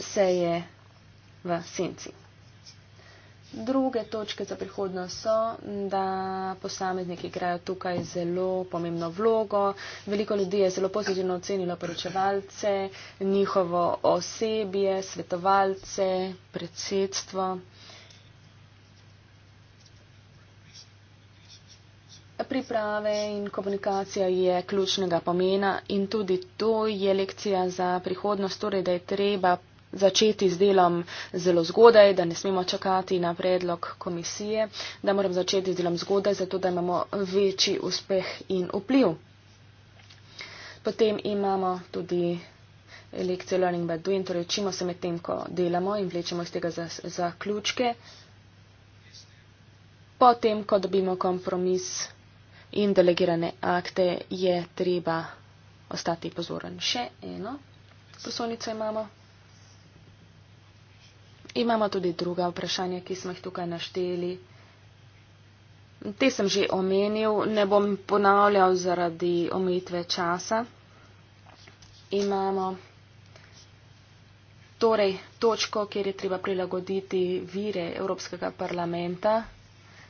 [SPEAKER 1] se je v senci. Druge točke za prihodnost so, da posamezniki igrajo tukaj zelo pomembno vlogo. Veliko ljudi je zelo pozitivno ocenilo poročevalce, njihovo osebje, svetovalce, predsedstvo. Priprave in komunikacija je ključnega pomena in tudi to je lekcija za prihodnost, torej da je treba začeti z delom zelo zgodaj, da ne smemo čakati na predlog komisije, da moram začeti z delom zgodaj, zato da imamo večji uspeh in vpliv. Potem imamo tudi lekcije Learning by Doing, torej učimo se med tem, ko delamo in vlečemo iz tega zaključke. Za Potem, ko dobimo kompromis in delegirane akte, je treba ostati pozoren. Še eno poslovnico imamo. Imamo tudi druga vprašanja, ki smo jih tukaj našteli. Te sem že omenil, ne bom ponavljal zaradi omejitve časa. Imamo torej točko, kjer je treba prilagoditi vire Evropskega parlamenta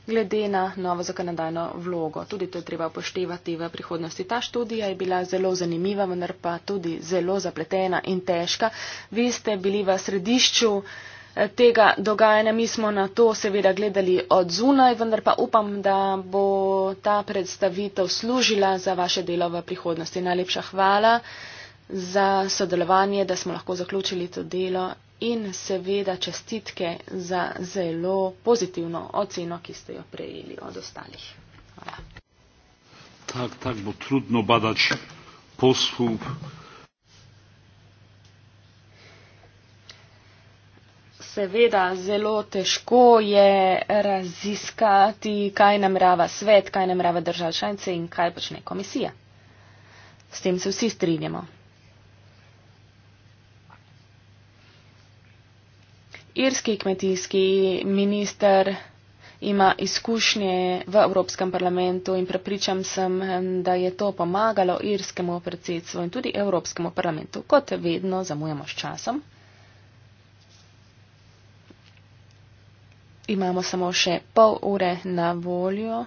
[SPEAKER 1] glede na novo zakonodajno vlogo. Tudi to je treba upoštevati v prihodnosti. Ta študija je bila zelo zanimiva, vendar pa tudi zelo zapletena in težka. Vi ste bili v središču. Eh, tega dogajanja. Mi smo na to seveda gledali od zunaj, vendar pa upam, da bo ta predstavitev služila za vaše delo v prihodnosti. Najlepša hvala za sodelovanje, da smo lahko zaključili to delo in seveda čestitke za zelo pozitivno oceno, ki ste jo prejeli od ostalih. Hvala. Tak, tak bo trudno badač poskup. seveda zelo težko je raziskati, kaj namrava svet, kaj namrava držav članice in kaj počne komisija. S tem se vsi strinjamo. Irski kmetijski minister ima izkušnje v Evropskem parlamentu in prepričam sem, da je to pomagalo irskemu predsedstvu in tudi Evropskemu parlamentu. Kot vedno zamujamo s časom. imamo samo še pol ure na voljo.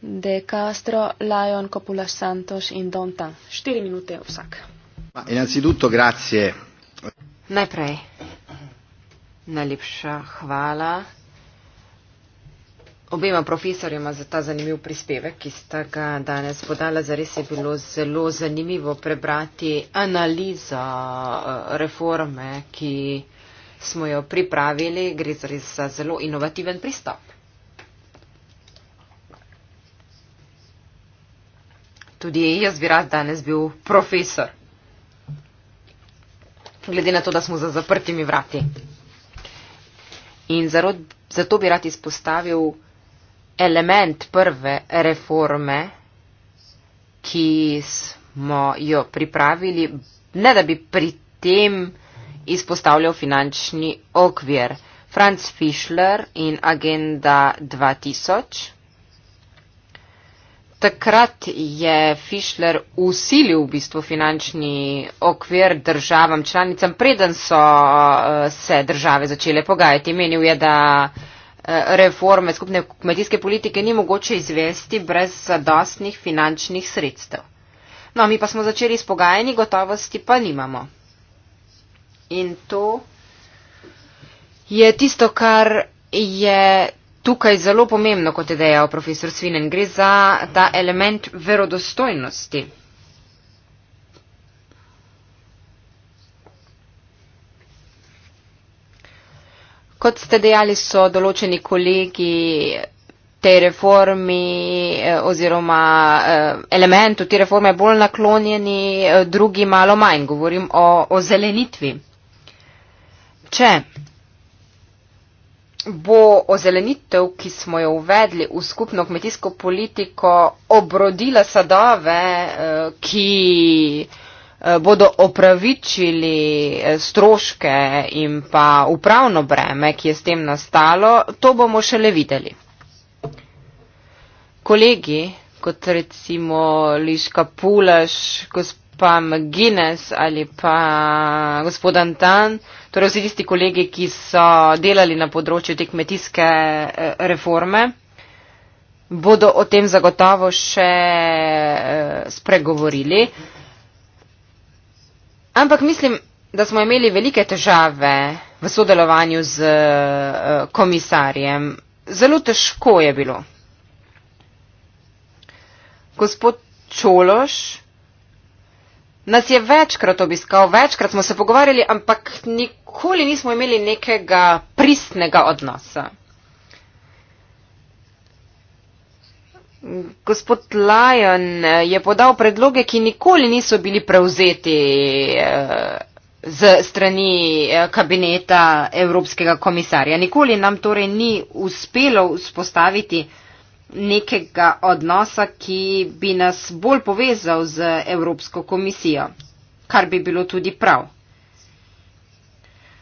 [SPEAKER 1] De Castro, Lion, Copula Santos in Donta. Štiri minute vsak.
[SPEAKER 2] Innanzitutto grazie.
[SPEAKER 3] Najprej. Najlepša hvala obema profesorjema za ta zanimiv prispevek, ki sta ga danes podala. Zares je bilo zelo zanimivo prebrati analizo eh, reforme, ki smo jo pripravili, gre za zelo inovativen pristop. Tudi jaz bi rad danes bil profesor. Glede na to, da smo za zaprtimi vrati. In zato bi rad izpostavil element prve reforme, ki smo jo pripravili, ne da bi pri tem izpostavljal finančni okvir. Franz Fischler in Agenda 2000. Takrat je Fischler usilil v bistvu finančni okvir državam članicam, preden so eh, se države začele pogajati. Menil je, da eh, reforme skupne kmetijske politike ni mogoče izvesti brez zadostnih finančnih sredstev. No, mi pa smo začeli s pogajanji, gotovosti pa nimamo in to je tisto, kar je tukaj zelo pomembno, kot je dejal profesor Svinen. Gre za ta element verodostojnosti. Kot ste dejali, so določeni kolegi tej reformi eh, oziroma eh, elementu te reforme bolj naklonjeni, eh, drugi malo manj. Govorim o, o zelenitvi če bo ozelenitev, ki smo jo uvedli v skupno kmetijsko politiko, obrodila sadove, eh, ki eh, bodo opravičili eh, stroške in pa upravno breme, ki je s tem nastalo, to bomo šele videli. Kolegi, kot recimo Liška Pulaš, gospa McGuinness ali pa gospod Antan, torej vsi tisti kolegi, ki so delali na področju te kmetijske eh, reforme, bodo o tem zagotovo še eh, spregovorili. Ampak mislim, da smo imeli velike težave v sodelovanju z eh, komisarjem. Zelo težko je bilo. Gospod Čološ, nas je večkrat obiskal, večkrat smo se pogovarjali, ampak nikoli nismo imeli nekega pristnega odnosa. Gospod Lajon je podal predloge, ki nikoli niso bili prevzeti eh, z strani eh, kabineta Evropskega komisarja. Nikoli nam torej ni uspelo vzpostaviti nekega odnosa, ki bi nas bolj povezal z Evropsko komisijo, kar bi bilo tudi prav.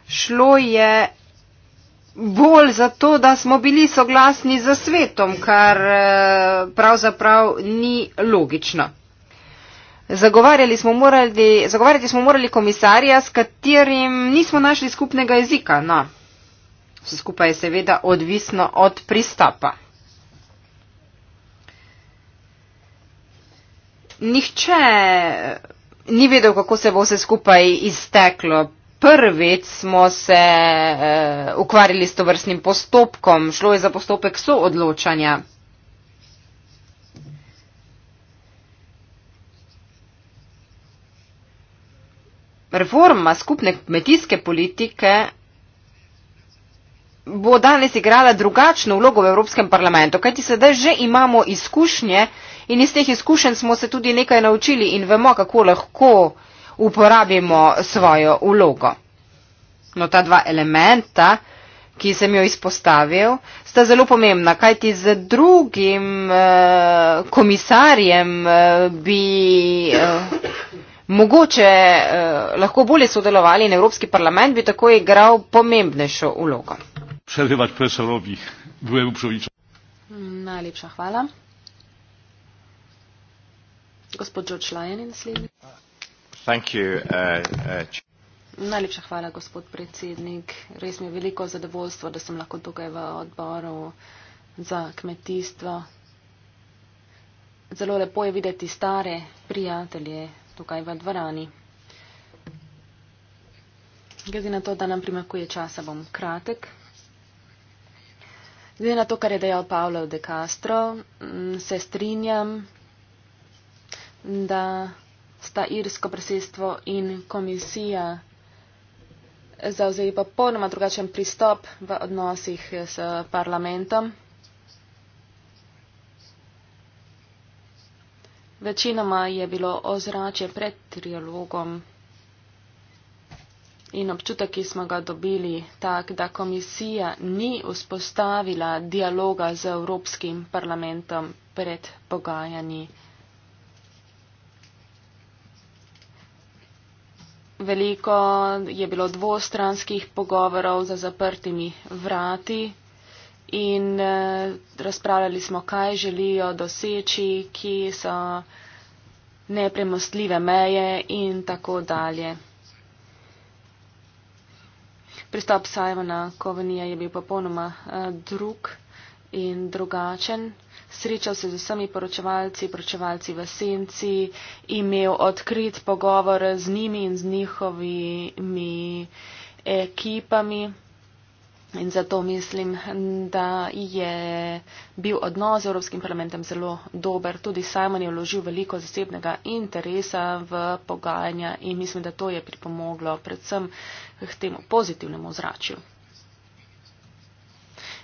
[SPEAKER 3] Šlo je bolj zato, da smo bili soglasni z svetom, kar eh, pravzaprav ni logično. Zagovarjali smo morali, zagovarjati smo morali komisarja, s katerim nismo našli skupnega jezika. No, vse skupaj je seveda odvisno od pristopa. nihče eh, ni vedel, kako se bo vse skupaj izteklo. Prvič smo se uh, ukvarjali s to vrstnim postopkom, šlo je za postopek soodločanja. Reforma skupne kmetijske politike bo danes igrala drugačno vlogo v Evropskem parlamentu, kajti sedaj že imamo izkušnje, uh, in iz teh izkušenj smo se tudi nekaj naučili in vemo, kako lahko uporabimo svojo ulogo. No, ta dva elementa, ki sem jo izpostavil, sta zelo pomembna, kajti z drugim eh, komisarjem eh, bi eh, mogoče eh, lahko bolje sodelovali in Evropski parlament bi tako igral pomembnejšo ulogo.
[SPEAKER 1] Najlepša hvala. Gospod George Lyon in slednji. Thank you, uh, uh, Najlepša hvala, gospod predsednik. Res mi je veliko zadovoljstvo, da sem lahko tukaj v odboru za kmetijstvo. Zelo lepo je videti stare prijatelje tukaj v dvorani. Glede na to, da nam primakuje časa, bom kratek. Glede na to, kar je dejal Pavlo de Castro, se strinjam da sta irsko presedstvo in komisija zauzeli popolnoma drugačen pristop v odnosih s parlamentom. Večinoma je bilo ozračje pred trialogom in občutek, ki smo ga dobili, tak, da komisija ni vzpostavila dialoga z Evropskim parlamentom pred pogajanji. veliko je bilo dvostranskih pogovorov za zaprtimi vrati in eh, razpravljali smo, kaj želijo doseči, ki so nepremostljive meje in tako dalje. Pristop Simona Kovenija je bil popolnoma eh, drug in drugačen srečal se z vsemi poročevalci, poročevalci v senci, imel odkrit pogovor z njimi in z njihovimi ekipami. In zato mislim, da je bil odnos z Evropskim parlamentom zelo dober. Tudi Simon je vložil veliko zasebnega interesa v pogajanja in mislim, da to je pripomoglo predvsem k temu pozitivnemu zračju.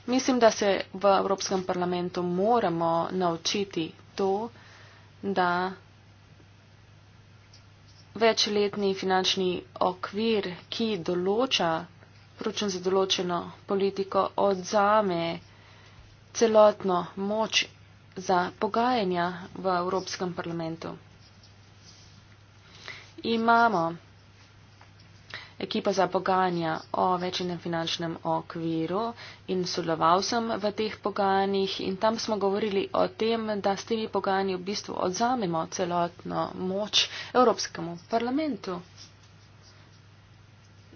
[SPEAKER 1] Mislim, da se v Evropskem parlamentu moramo naučiti to, da večletni finančni okvir, ki določa proračun za določeno politiko, odzame celotno moč za pogajanja v Evropskem parlamentu. Imamo ekipa za pogajanja o večjem finančnem okviru in sodeloval sem v teh pogajanjih in tam smo govorili o tem, da s temi pogajanji v bistvu odzamemo celotno moč Evropskemu parlamentu.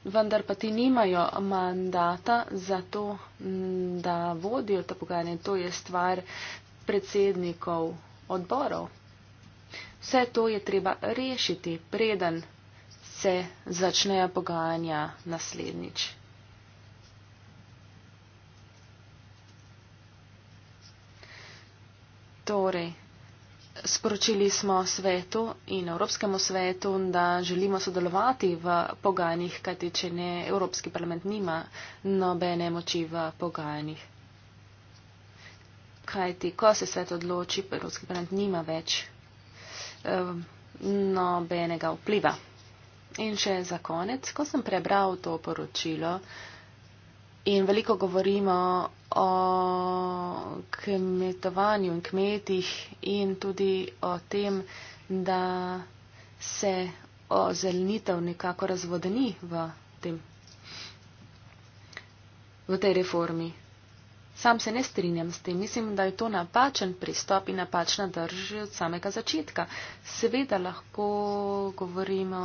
[SPEAKER 1] Vendar pa ti nimajo mandata za to, da vodijo ta pogajanja. To je stvar predsednikov odborov. Vse to je treba rešiti, preden se začnejo pogajanja naslednjič. Torej, sporočili smo svetu in Evropskemu svetu, da želimo sodelovati v pogajanjih, kajti če ne, Evropski parlament nima nobene moči v pogajanjih. Kajti, ko se svet odloči, Evropski parlament nima več um, nobenega vpliva. In še za konec, ko sem prebral to poročilo in veliko govorimo o kmetovanju in kmetih in tudi o tem, da se ozelnitev nekako razvodeni v, tem, v tej reformi. Sam se ne strinjam s tem, mislim, da je to napačen pristop in napačna drža od samega začetka. Seveda lahko govorimo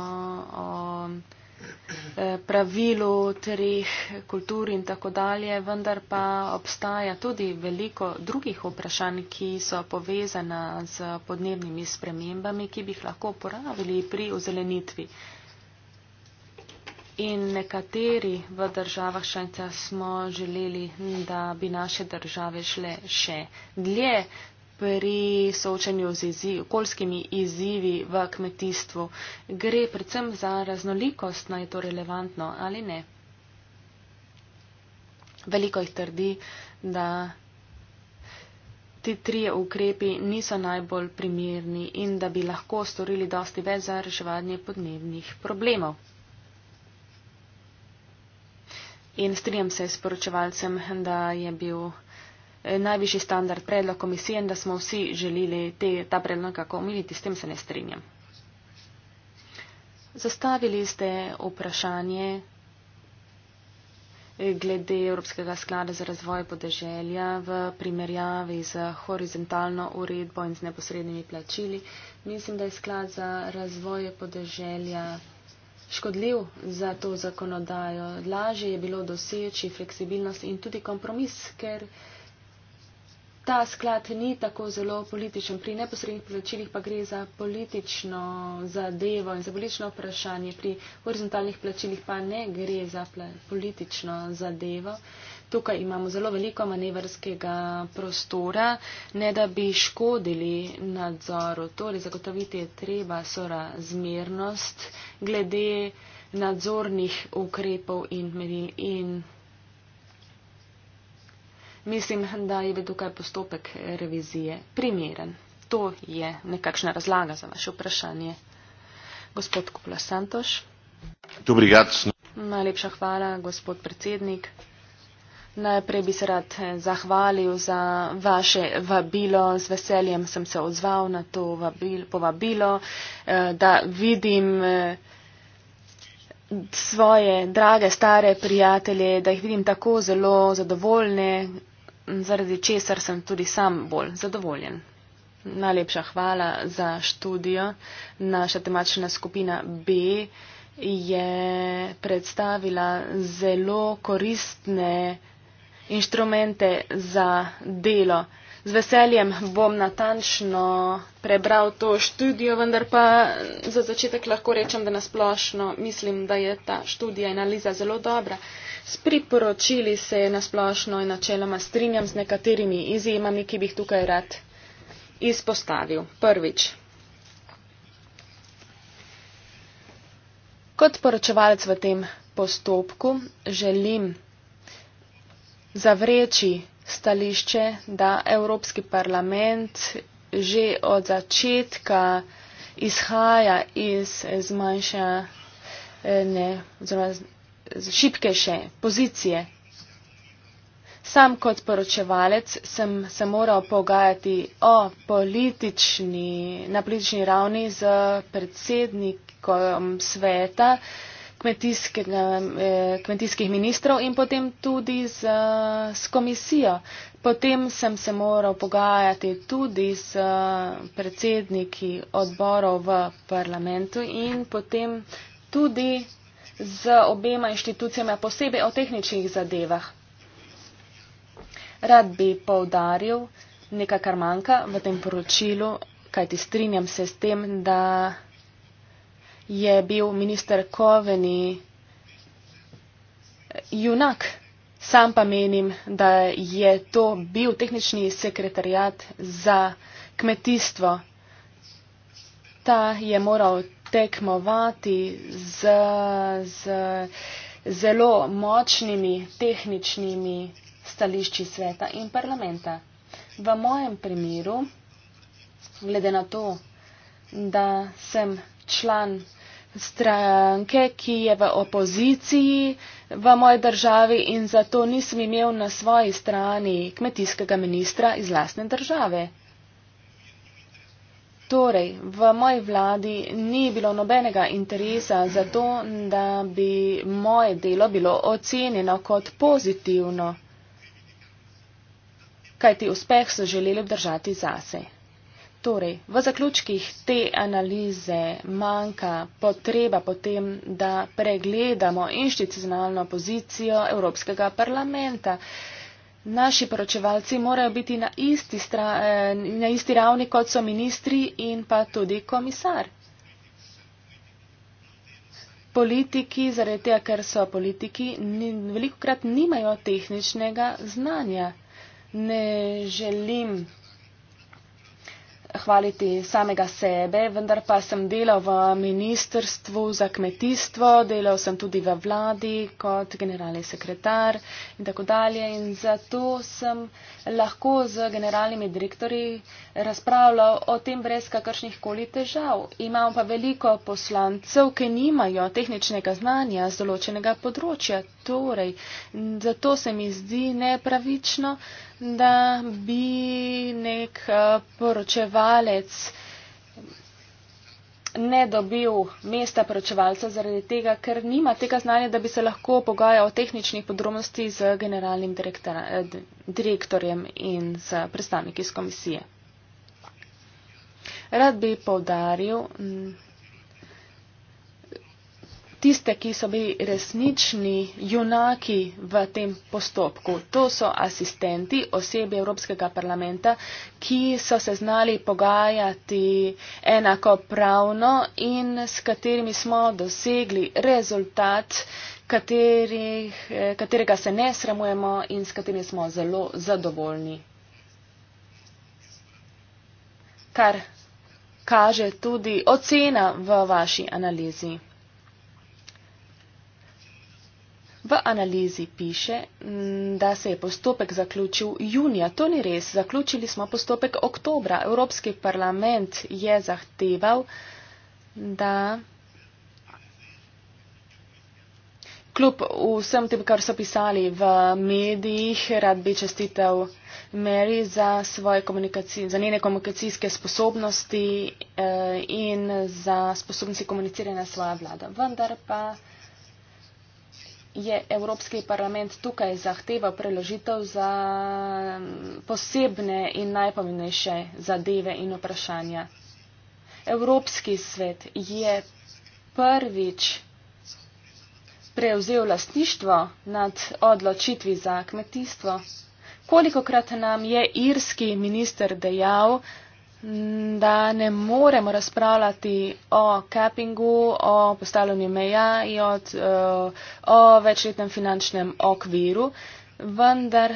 [SPEAKER 1] o e, pravilu treh kultur in tako dalje, vendar pa obstaja tudi veliko drugih vprašanj, ki so povezana z podnebnimi spremembami, ki bi jih lahko uporabili pri ozelenitvi. In nekateri v državah šanca smo želeli, da bi naše države šle še dlje pri soočanju z izziv, okoljskimi izzivi v kmetijstvu. Gre predvsem za raznolikost, naj je to relevantno ali ne. Veliko jih trdi, da ti trije ukrepi niso najbolj primerni in da bi lahko storili dosti več za reševanje podnebnih problemov in strinjam se s poročevalcem, da je bil eh, najvišji standard predlog komisije in da smo vsi želeli te, ta predlog kako omiliti. S tem se ne strinjam. Zastavili ste vprašanje eh, glede Evropskega sklada za razvoj podeželja v primerjavi z horizontalno uredbo in z neposrednimi plačili. Mislim, da je sklad za razvoj podeželja škodljiv za to zakonodajo. Lažje je bilo doseči fleksibilnost in tudi kompromis, ker ta sklad ni tako zelo političen. Pri neposrednih plačilih pa gre za politično zadevo in za politično vprašanje. Pri horizontalnih plačilih pa ne gre za politično zadevo tukaj imamo zelo veliko manevrskega prostora, ne da bi škodili nadzoru. Torej, zagotoviti je treba sorazmernost glede nadzornih ukrepov in. in Mislim, da je bil tukaj postopek revizije primeren. To je nekakšna razlaga za vaše vprašanje. Gospod Kupla Santoš. Najlepša hvala, gospod predsednik. Najprej bi se rad eh, zahvalil za vaše vabilo. Z veseljem sem se odzval na to povabilo, eh, da vidim eh, svoje drage stare prijatelje, da jih vidim tako zelo zadovoljne, zaradi česar sem tudi sam bolj zadovoljen. Najlepša hvala za študijo. Naša temačna skupina B je predstavila zelo koristne inštrumente za delo. Z veseljem bom natančno prebral to študijo, vendar pa za začetek lahko rečem, da nasplošno mislim, da je ta študija in analiza zelo dobra. S priporočili se nasplošno in načeloma strinjam z nekaterimi izjemami, ki bi jih tukaj rad izpostavil. Prvič. Kot poročevalec v tem postopku želim zavreči stališče, da Evropski parlament že od začetka izhaja iz zmanjšane oziroma šipkejše pozicije. Sam kot poročevalec sem se moral pogajati o politični, na politični ravni z predsednikom sveta, kmetijskega, eh, kmetijskih ministrov in potem tudi z, z komisijo. Potem sem se moral pogajati tudi z predsedniki odborov v parlamentu in potem tudi z obema inštitucijama, posebej o tehničnih zadevah. Rad bi povdaril nekaj, kar manjka v tem poročilu, kajti strinjam se s tem, da je bil minister Koveni junak. Sam pa menim, da je to bil tehnični sekretarjat za kmetijstvo. Ta je moral tekmovati z, z zelo močnimi tehničnimi stališči sveta in parlamenta. V mojem primeru, glede na to, da sem član stranke, ki je v opoziciji v moji državi in zato nisem imel na svoji strani kmetijskega ministra iz lastne države. Torej, v moji vladi ni bilo nobenega interesa za to, da bi moje delo bilo ocenjeno kot pozitivno, kajti uspeh so želeli obdržati zase. Torej, v zaključkih te analize manjka potreba potem, da pregledamo inštitucionalno pozicijo Evropskega parlamenta. Naši poročevalci morajo biti na isti, stra, eh, na isti ravni, kot so ministri in pa tudi komisar. Politiki, zaradi tega, ker so politiki, velikokrat nimajo tehničnega znanja. Ne želim hvaliti samega sebe, vendar pa sem delal v ministrstvu za kmetijstvo, delal sem tudi v vladi kot generalni sekretar in tako dalje. In zato sem lahko z generalnimi direktori razpravljal o tem brez kakršnih koli težav. Imam pa veliko poslancev, ki nimajo tehničnega znanja z določenega področja. Torej, zato se mi zdi nepravično, da bi nek eh, poročevalec ne dobil mesta poročevalca zaradi tega, ker nima tega znanja, da bi se lahko pogajal o tehničnih podrobnosti z generalnim eh, direktorjem in z predstavniki iz komisije. Rad bi povdaril, tiste, ki so bili resnični junaki v tem postopku. To so asistenti osebi Evropskega parlamenta, ki so se znali pogajati enakopravno in s katerimi smo dosegli rezultat, katerih, eh, katerega se ne sramujemo in s katerimi smo zelo zadovoljni. Kar kaže tudi ocena v vaši analizi. V analizi piše, mm, da se je postopek zaključil junija. To ni res. Zaključili smo postopek oktobra. Evropski parlament je zahteval, da kljub vsem tem, kar so pisali v medijih, rad bi čestitev Mary za, za njene komunikacijske sposobnosti eh, in za sposobnosti komuniciranja svoje vlade. Vendar pa je Evropski parlament tukaj zahteva preložitev za posebne in najpomembnejše zadeve in vprašanja. Evropski svet je prvič prevzel lastništvo nad odločitvi za kmetijstvo. Kolikokrat nam je irski minister dejal, da ne moremo razpravljati o capingu, o postavljanju meja in od, eh, o večletnem finančnem okviru, vendar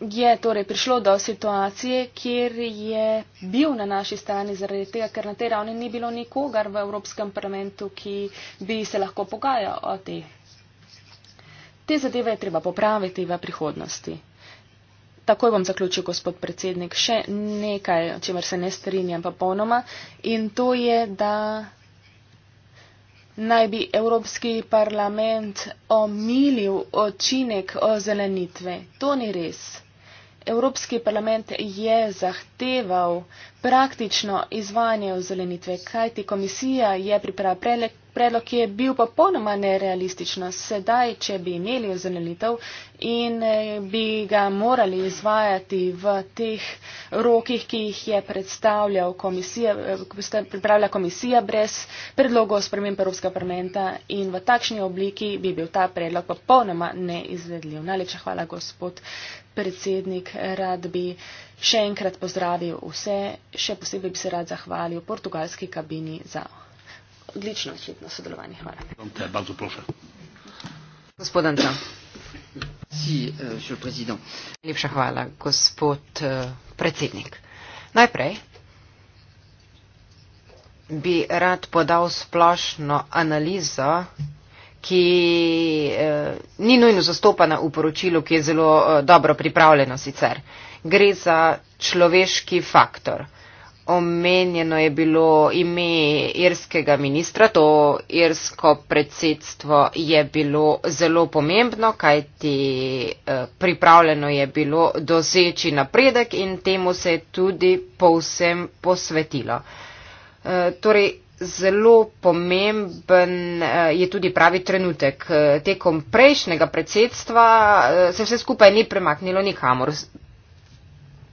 [SPEAKER 1] je torej prišlo do situacije, kjer je bil na naši strani zaradi tega, ker na tej ravni ni bilo nikogar v Evropskem parlamentu, ki bi se lahko pogajal o te. Te zadeve je treba popraviti v prihodnosti. Takoj bom zaključil, gospod predsednik, še nekaj, o čemer se ne strinjam pa polnoma. In to je, da naj bi Evropski parlament omilil očinek ozelenitve. To ni res. Evropski parlament je zahteval praktično izvajanje ozelenitve, kajti komisija je pripravila predlog, ki je bil popolnoma nerealistično. Sedaj, če bi imeli ozelenitev in eh, bi ga morali izvajati v teh rokih, ki jih je eh, pripravila komisija brez predlogov spremenb Evropskega parlamenta in v takšni obliki bi bil ta predlog popolnoma neizvedljiv. Najlepša hvala, gospod predsednik. Rad bi še enkrat pozdravil vse, še posebej bi se rad zahvalil portugalski kabini za
[SPEAKER 3] odlično očitno sodelovanje. Hvala. Gospod Anca. Si, eh, monsieur président. Najlepša hvala, gospod eh, predsednik. Najprej bi rad podal splošno analizo, ki eh, ni nujno zastopana v poročilu, ki je zelo eh, dobro pripravljeno sicer. Eh, gre za človeški faktor. Omenjeno je bilo ime irskega ministra, to irsko predsedstvo je bilo zelo pomembno, kajti eh, pripravljeno je bilo doseči napredek in temu se je tudi povsem posvetilo. Eh, torej, zelo pomemben eh, je tudi pravi trenutek. Tekom prejšnjega predsedstva se vse skupaj ni premaknilo nikamor.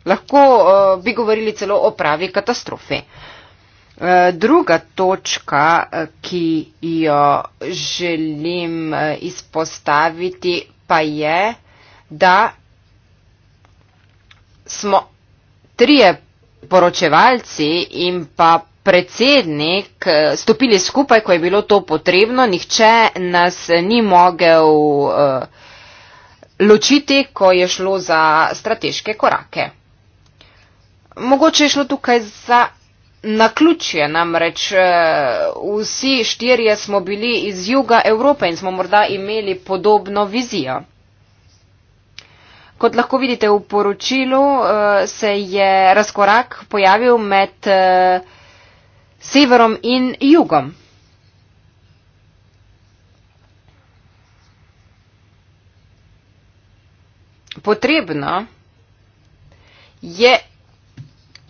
[SPEAKER 3] Lahko eh, bi govorili celo o pravi katastrofi. Eh, druga točka, eh, ki jo želim izpostaviti, pa je, da smo trije poročevalci in pa predsednik stopili skupaj, ko je bilo to potrebno. Nihče nas ni mogel ločiti, ko je šlo za strateške korake mogoče je šlo tukaj za naključje, namreč eh, vsi štirje smo bili iz juga Evrope in smo morda imeli podobno vizijo. Kot lahko vidite v poročilu, eh, se je razkorak pojavil med eh, severom in jugom. Potrebno je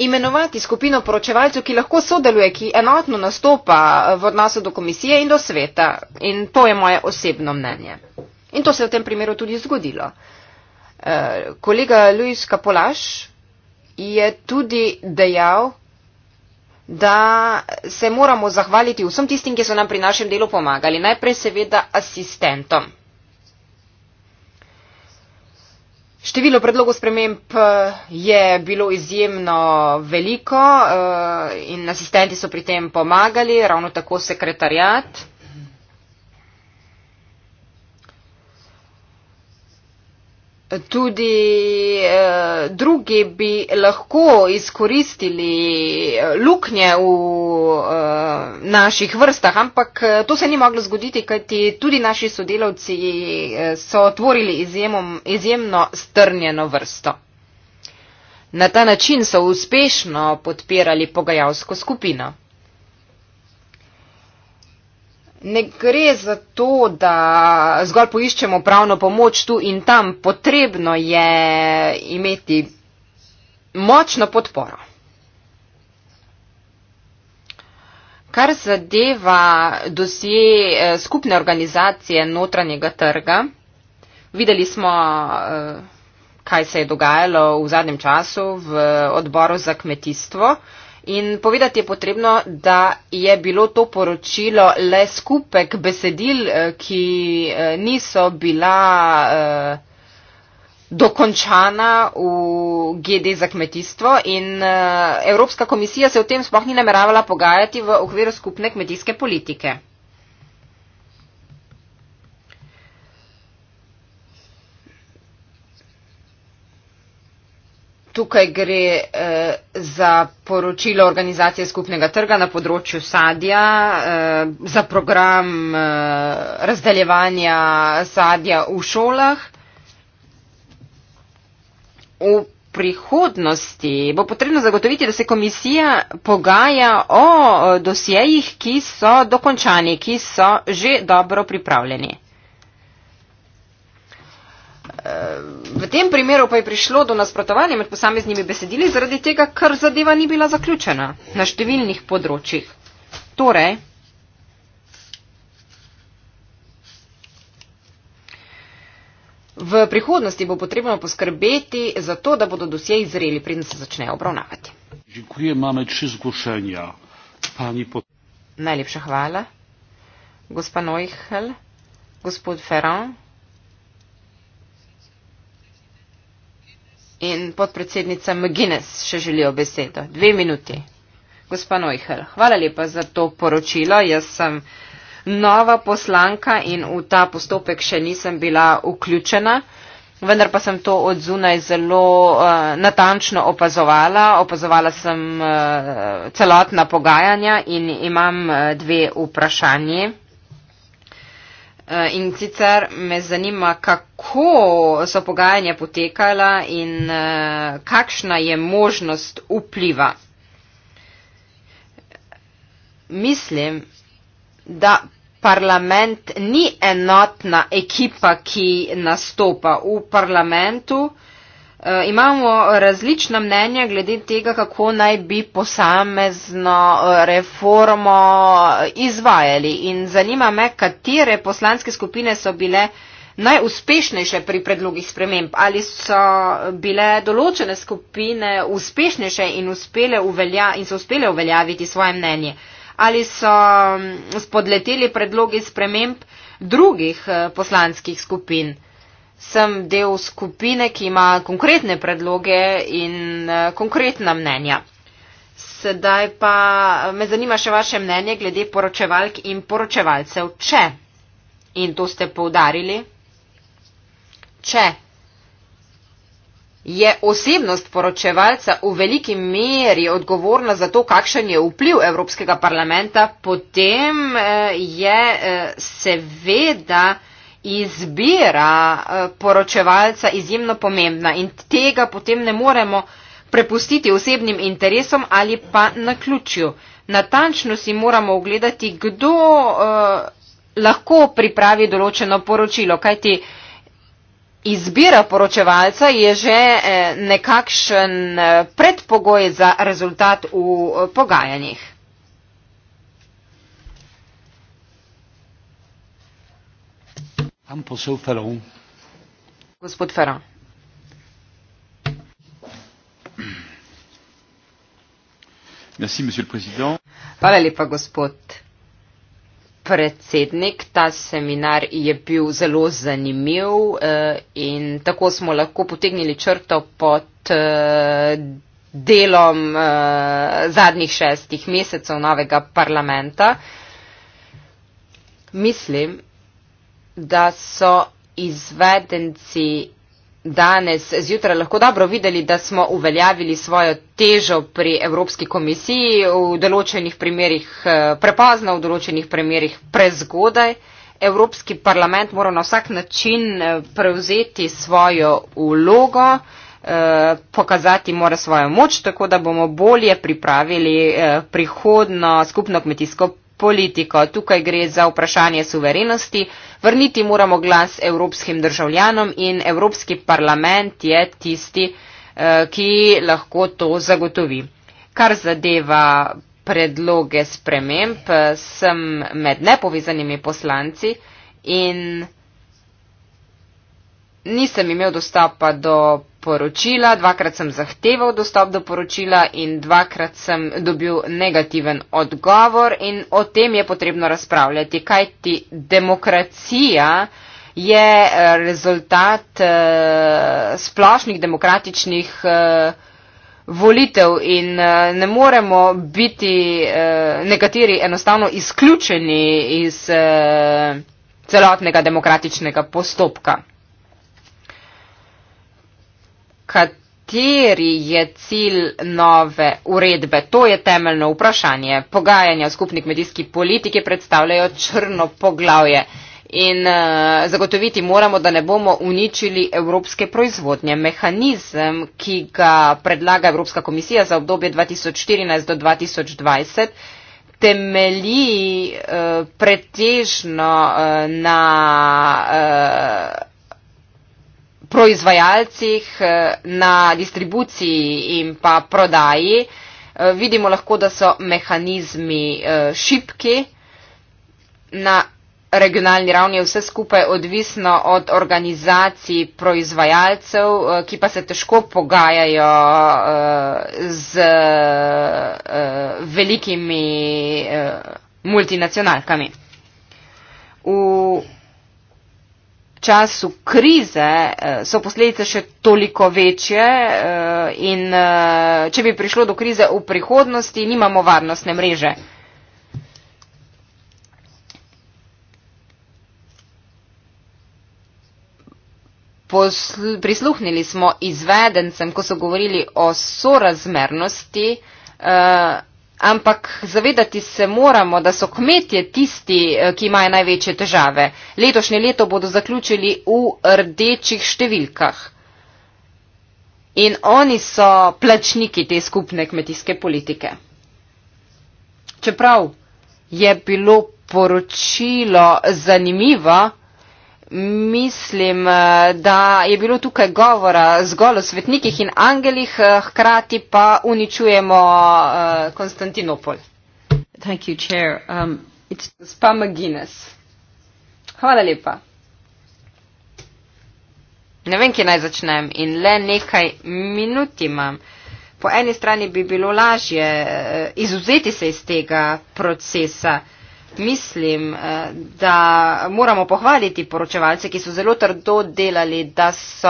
[SPEAKER 3] imenovati skupino poročevalcev, ki lahko sodeluje, ki enotno nastopa v odnosu do komisije in do sveta. In to je moje osebno mnenje. In to se je v tem primeru tudi zgodilo. Eh, kolega Luis Kapolaš je tudi dejal, da se moramo zahvaliti vsem tistim, ki so nam pri našem delu pomagali. Najprej seveda asistentom, Število predlogov sprememb eh, je bilo izjemno veliko eh, in asistenti so pri tem pomagali, ravno tako sekretarjat. tudi eh, drugi bi lahko izkoristili eh, luknje v eh, naših vrstah, ampak eh, to se ni moglo zgoditi, kajti tudi naši sodelavci eh, so tvorili izjemom, izjemno strnjeno vrsto. Na ta način so uspešno podpirali pogajalsko skupino ne gre za to, da zgolj poiščemo pravno pomoč tu in tam. Potrebno je imeti močno podporo. Kar zadeva dosje eh, skupne organizacije notranjega trga, videli smo, eh, kaj se je dogajalo v zadnjem času v odboru za kmetijstvo. In povedati je potrebno, da je bilo to poročilo le skupek besedil, eh, ki eh, niso bila eh, dokončana v GD za kmetijstvo in Evropska komisija se v tem sploh ni nameravala pogajati v okviru skupne kmetijske politike. Tukaj gre eh, za poročilo organizacije skupnega trga na področju sadja, eh, za program eh, razdeljevanja sadja v šolah. V prihodnosti bo potrebno zagotoviti, da se komisija pogaja o eh, dosjejih, ki so dokončani, ki so že dobro pripravljeni. Eh, v tem primeru pa je prišlo do nasprotovanja med posameznimi besedili zaradi tega, ker zadeva ni bila zaključena na številnih področjih. Torej, v prihodnosti bo potrebno poskrbeti za to, da bodo dosje izreli, preden se začnejo obravnavati. Najlepša hvala. Gospa Neuchel, gospod Ferrand. in podpredsednica McGuinness še želijo besedo. Dve minuti. Gospa Neuhel, hvala lepa za to poročilo. Jaz sem nova poslanka in v ta postopek še nisem bila vključena. Vendar pa sem to od zunaj zelo uh, natančno opazovala. Opazovala sem uh, celotna pogajanja in imam uh, dve vprašanje. Eh, in sicer me zanima, kako so pogajanja potekala in eh, kakšna je možnost vpliva. Mislim, da parlament ni enotna ekipa, ki nastopa v parlamentu. Eh, imamo različna mnenja glede tega, kako naj bi posamezno eh, reformo eh, izvajali. In zanima me, katere poslanske skupine so bile najuspešnejše pri predlogih sprememb. Ali so bile določene skupine uspešnejše in, uspele uvelja, in so uspele uveljaviti svoje mnenje? Ali so hm, spodleteli predlogi sprememb drugih poslanskih skupin? sem del skupine, ki ima konkretne predloge in eh, konkretna mnenja. Sedaj pa me zanima še vaše mnenje glede poročevalk in poročevalcev, če. In to ste poudarili. Če je osebnost poročevalca v veliki meri odgovorna za to, kakšen je vpliv Evropskega parlamenta, potem eh, je eh, seveda izbira eh, poročevalca izjemno pomembna in tega potem ne moremo prepustiti osebnim interesom ali pa na ključju. Natančno si moramo ogledati, kdo eh, lahko pripravi določeno poročilo, kajti izbira poročevalca je že eh, nekakšen predpogoj za rezultat v pogajanjih.
[SPEAKER 1] Gospod Ferron. Gospod Ferron. Merci,
[SPEAKER 3] Hvala lepa, gospod predsednik. Ta seminar je bil zelo zanimiv eh, in tako smo lahko potegnili črto pod eh, delom eh, zadnjih šestih mesecev novega parlamenta. Mislim, da so izvedenci danes zjutraj lahko dobro videli, da smo uveljavili svojo težo pri Evropski komisiji, v določenih primerjih eh, prepozno, v določenih primerjih prezgodaj. Evropski parlament mora na vsak način eh, prevzeti svojo vlogo, eh, pokazati mora svojo moč, tako da bomo bolje pripravili prihodno skupno kmetijsko politiko. Tukaj gre za vprašanje suverenosti. Vrniti moramo glas evropskim državljanom in Evropski parlament je tisti, eh, ki lahko to zagotovi. Kar zadeva predloge sprememb, eh, sem med nepovezanimi poslanci in nisem imel dostopa do poročila, dvakrat sem zahteval dostop do poročila in dvakrat sem dobil negativen odgovor in o tem je potrebno razpravljati, kaj ti demokracija je eh, rezultat uh, splošnih demokratičnih uh, volitev in uh, ne moremo biti uh, nekateri enostavno izključeni iz uh, celotnega demokratičnega postopka kateri je cilj nove uredbe? To je temeljno vprašanje. Pogajanja o skupni kmetijski politiki predstavljajo črno poglavje. In uh, zagotoviti moramo, da ne bomo uničili evropske proizvodnje. Mehanizem, ki ga predlaga Evropska komisija za obdobje 2014 do 2020, temelji uh, pretežno uh, na. Uh, proizvajalcih, eh, na distribuciji in pa prodaji. Eh, vidimo lahko, da so mehanizmi eh, šipki. Na regionalni ravni je vse skupaj odvisno od organizacij proizvajalcev, ki pa se težko pogajajo z velikimi multinacionalkami. V času krize eh, so posledice še toliko večje eh, in eh, če bi prišlo do krize v prihodnosti, nimamo varnostne mreže. Prisluhnili smo izvedencem, ko so govorili o sorazmernosti, ampak zavedati se moramo, da so kmetje tisti, eh, ki imajo največje težave. Letošnje leto bodo zaključili v rdečih številkah. In oni so plačniki te skupne kmetijske politike. Čeprav je bilo poročilo zanimivo, mislim, eh, da je bilo tukaj govora zgolj o svetnikih in angelih, eh, hkrati pa uničujemo eh, Konstantinopol. Thank you, Chair. Um, it's Spa McGuinness. Hvala lepa. Ne vem, kje naj začnem in le nekaj minut imam. Po eni strani bi bilo lažje izuzeti se iz tega procesa mislim, eh, da moramo pohvaliti poročevalce, ki so zelo trdo delali, da so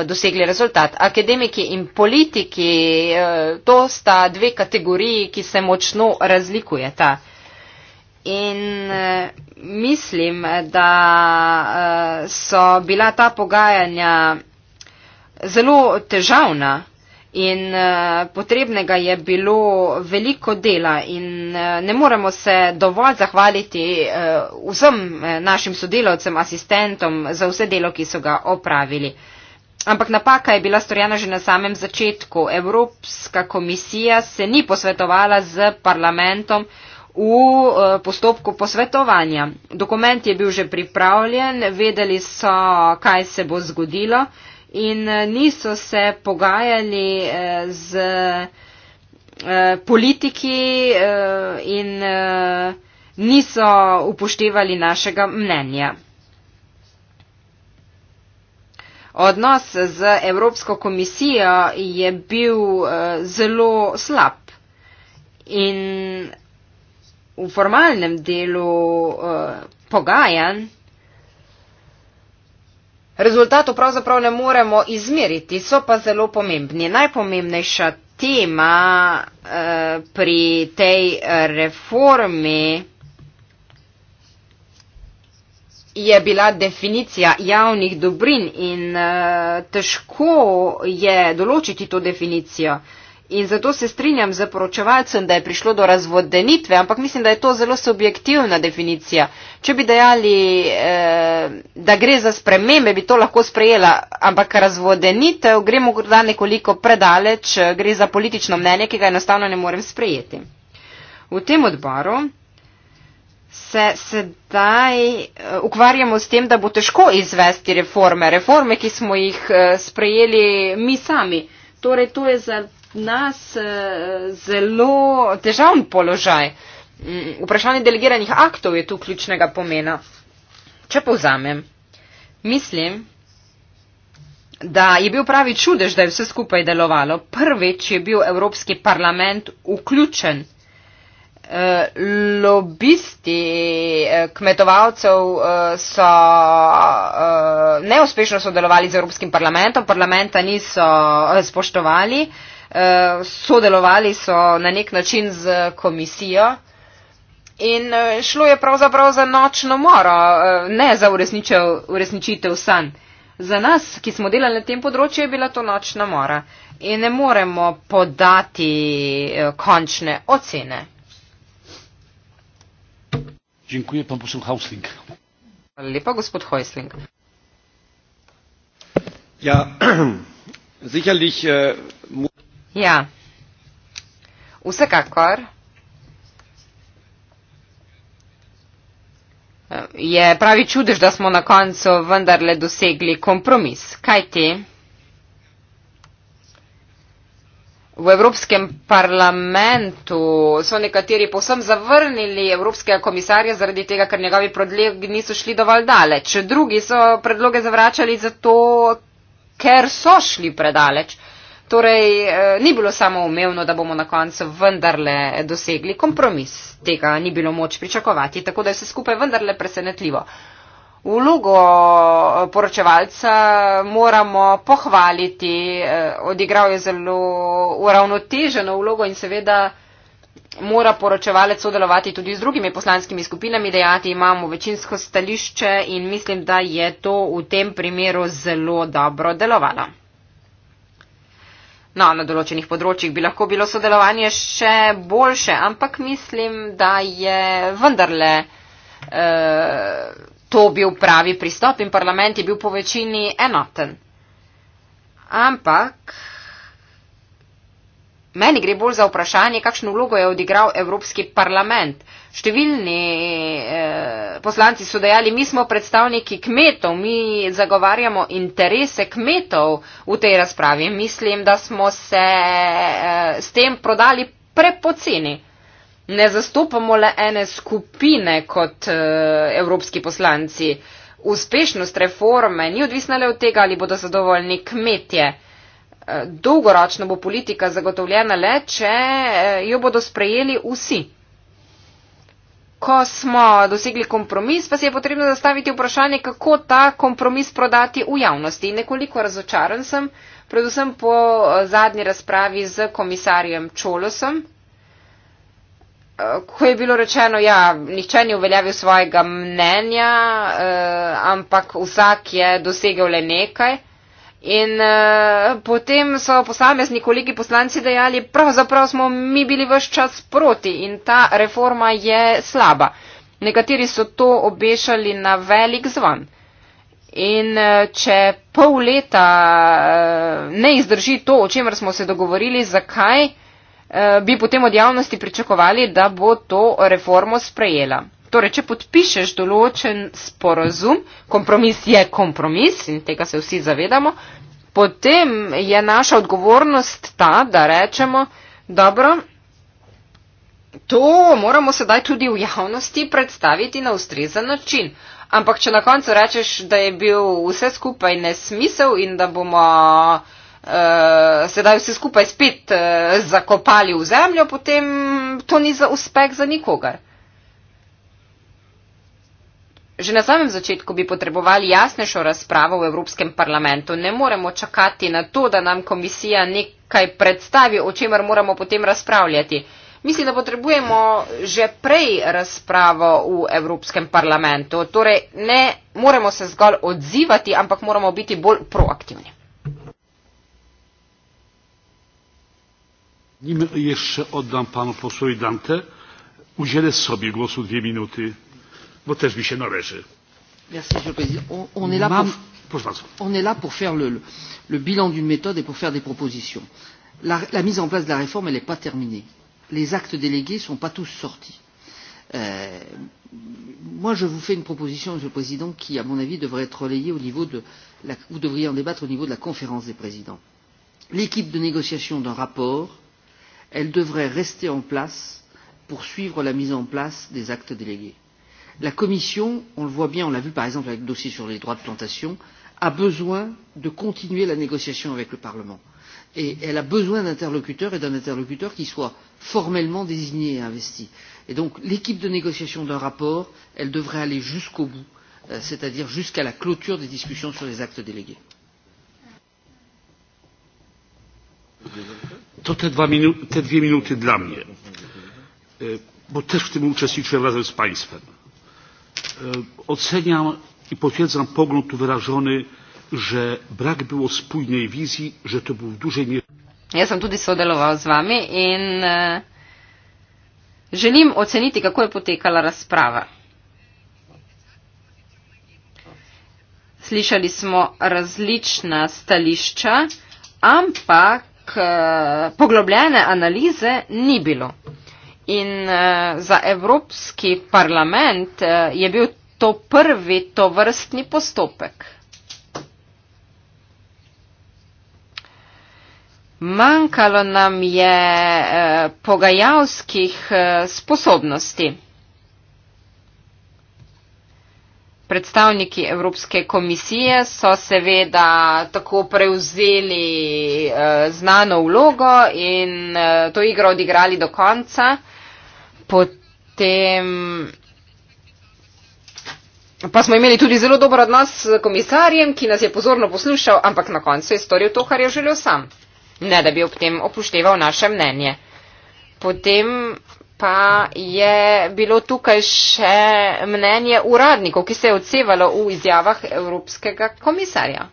[SPEAKER 3] eh, dosegli rezultat. Akademiki in politiki, eh, to sta dve kategoriji, ki se močno razlikujeta. In mislim, da so bila ta pogajanja zelo težavna. In uh, potrebnega je bilo veliko dela in uh, ne moremo se dovolj zahvaliti uh, vsem uh, našim sodelovcem, asistentom za vse delo, ki so ga opravili. Ampak napaka je bila storjena že na samem začetku. Evropska komisija se ni posvetovala z parlamentom v uh, postopku posvetovanja. Dokument je bil že pripravljen, vedeli so, kaj se bo zgodilo. Uh, in eh, niso se pogajali eh, z eh, politiki in niso upoštevali našega mnenja. Odnos z Evropsko komisijo je bil zelo slab in v formalnem delu pogajanj rezultatov pravzaprav ne moremo izmeriti, so pa zelo pomembni. Najpomembnejša tema eh, pri tej reformi je bila definicija javnih dobrin in eh, težko je določiti to definicijo. In zato se strinjam z poročevalcem, da je prišlo do razvodenitve, ampak mislim, da je to zelo subjektivna definicija. Če bi dejali, eh, da gre za spremembe, bi to lahko sprejela, ampak razvodenitev gre morda nekoliko predaleč, eh, gre za politično mnenje, ki ga enostavno ne morem sprejeti. V tem odboru se sedaj eh, ukvarjamo s tem, da bo težko izvesti reforme, reforme, ki smo jih eh, sprejeli mi sami. Torej, to je za nas eh, zelo težavn položaj. Mm, vprašanje delegiranih aktov je tu ključnega pomena. Če povzamem, mislim, da je bil pravi čudež, da je vse skupaj delovalo. Prvič je bil Evropski parlament vključen. Eh, lobisti eh, kmetovalcev so neuspešno sodelovali z Evropskim parlamentom, parlamenta niso spoštovali. Eh, sodelovali so na nek način z komisijo in eh, šlo je pravzaprav za nočno moro, eh, ne za uresničitev, uresničitev sanj. Za nas, ki smo delali na tem področju, je bila to nočna mora in ne moremo podati končne ocene.
[SPEAKER 1] Dziękuję, pan poseł Hausling.
[SPEAKER 3] Lepa, gospod Hausling. Ja, [CLEARS THROAT] sicherlich. Äh, Ja, vsekakor je pravi čudež, da smo na koncu vendarle dosegli kompromis. Kaj ti? V Evropskem parlamentu so nekateri posem zavrnili Evropskega komisarja zaradi tega, ker njegovi predlogi niso šli dovolj daleč. Drugi so predloge zavračali zato, ker so šli predaleč. Torej, eh, ni bilo samo umevno, da bomo na koncu vendarle dosegli kompromis. Tega ni bilo moč pričakovati, tako da je vse skupaj vendarle presenetljivo. Vlogo eh, poročevalca moramo pohvaliti, eh, odigral je zelo uravnoteženo vlogo in seveda mora poročevalec sodelovati tudi z drugimi poslanskimi skupinami, dejati imamo večinsko stališče in mislim, da je to v tem primeru zelo dobro delovalo. No, na določenih področjih bi lahko bilo sodelovanje še boljše, ampak mislim, da je vendarle eh, to bil pravi pristop in parlament je bil po večini enoten. Ampak meni gre bolj za vprašanje, kakšno vlogo je odigral Evropski parlament. Eh, številni eh, poslanci so dejali, mi smo predstavniki kmetov, mi zagovarjamo interese kmetov v tej razpravi. Mislim, da smo se eh, s tem prodali prepoceni. Ne zastopamo le ene skupine kot eh, evropski poslanci. Uspešnost reforme ni odvisna le od tega, ali bodo zadovoljni kmetje. Dolgoročno bo politika zagotovljena le, če jo bodo sprejeli vsi ko smo dosegli kompromis, pa si je potrebno zastaviti vprašanje, kako ta kompromis prodati v javnosti. Nekoliko razočaran sem, predvsem po eh, zadnji razpravi z komisarjem Čolosom, eh, ko je bilo rečeno, ja, nihče ni uveljavil svojega mnenja, eh, ampak vsak je dosegel le nekaj. In uh, potem so posamezni kolegi poslanci dejali, pravzaprav smo mi bili vse čas proti in ta reforma je slaba. Nekateri so to obešali na velik zvon. In uh, če pol leta uh, ne izdrži to, o čemer smo se dogovorili, zakaj uh, bi potem od javnosti pričakovali, da bo to reformo sprejela. Torej, če podpišeš določen sporozum, kompromis je kompromis in tega se vsi zavedamo, potem je naša odgovornost ta, da rečemo, dobro, to moramo sedaj tudi v javnosti predstaviti na ustrezen način. Ampak, če na koncu rečeš, da je bil vse skupaj nesmisel in da bomo uh, sedaj vsi skupaj spet uh, zakopali v zemljo, potem to ni za uspeh za nikogar. Že na samem začetku bi potrebovali jasnejšo razpravo v Evropskem parlamentu. Ne moremo čakati na to, da nam komisija nekaj predstavi, o čemer moramo potem razpravljati. Mislim, da potrebujemo že prej razpravo v Evropskem parlamentu. Torej, ne moremo se zgolj odzivati, ampak moramo biti bolj proaktivni.
[SPEAKER 1] Nim ješ oddam panu poslu Idante. Uželi sobi glasu dve minuti bo też mi się należy.
[SPEAKER 3] Mam... On est là pour faire le, le bilan d'une méthode et pour faire des propositions. La, la mise en place de la réforme, elle n'est pas terminée. Les actes délégués ne sont pas tous sortis. Euh, moi, je vous fais une proposition, Monsieur le Président, qui, à mon avis, devrait être relayée au niveau de... La, vous devriez en débattre au niveau de la conférence des présidents. L'équipe de négociation d'un rapport, elle devrait rester en place pour suivre la mise en place des actes délégués la commission on le voit bien on l'a vu par exemple avec le dossier sur les droits de plantation a besoin de continuer la négociation avec le parlement et elle a besoin d'interlocuteurs et d'un interlocuteur qui soit formellement désigné et investi. Et donc l'équipe de négociation d'un rapport, elle devrait aller jusqu'au bout, euh, c'est-à-dire jusqu'à la clôture des discussions sur les actes délégués. To te dwa minuty, te
[SPEAKER 1] dwie minuty dla mnie, e, bo też w tym uczestniczyłem razem z państwem.
[SPEAKER 3] E, oceniam i potwierdzam pogląd tu wyrażony że
[SPEAKER 1] brak było spójnej wizji że to był w dużej mierze
[SPEAKER 3] Ja sam tudi sodelował z wami i e, Želim oceniti, kako je potekala razprava. Slišali smo različna stališča, ampak e, poglobljene analize ni bilo. In uh, za Evropski parlament uh, je bil to prvi tovrstni postopek. Manjkalo nam je uh, pogajalskih uh, sposobnosti. Predstavniki Evropske komisije so seveda tako prevzeli uh, znano vlogo in uh, to igro odigrali do konca. Potem pa smo imeli tudi zelo dober odnos s komisarjem, ki nas je pozorno poslušal, ampak na koncu je storil to, kar je želel sam. Ne, da bi ob tem opušteval naše mnenje. Potem pa je bilo tukaj še mnenje uradnikov, ki se je odsevalo v izjavah Evropskega komisarja.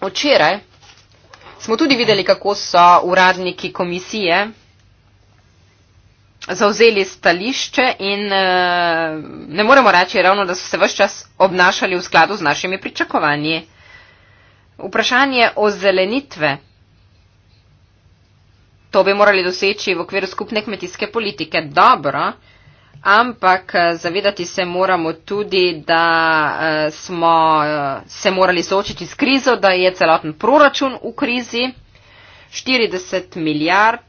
[SPEAKER 3] Včeraj smo tudi videli, kako so uradniki komisije zauzeli stališče in uh, ne moremo reči ravno, da so se vse čas obnašali v skladu z našimi pričakovanji. Vprašanje o zelenitve. To bi morali doseči v okviru skupne kmetijske politike. Dobro, ampak eh, zavedati se moramo tudi, da eh, smo se morali soočiti s krizo, da je celoten proračun v krizi. 40 milijard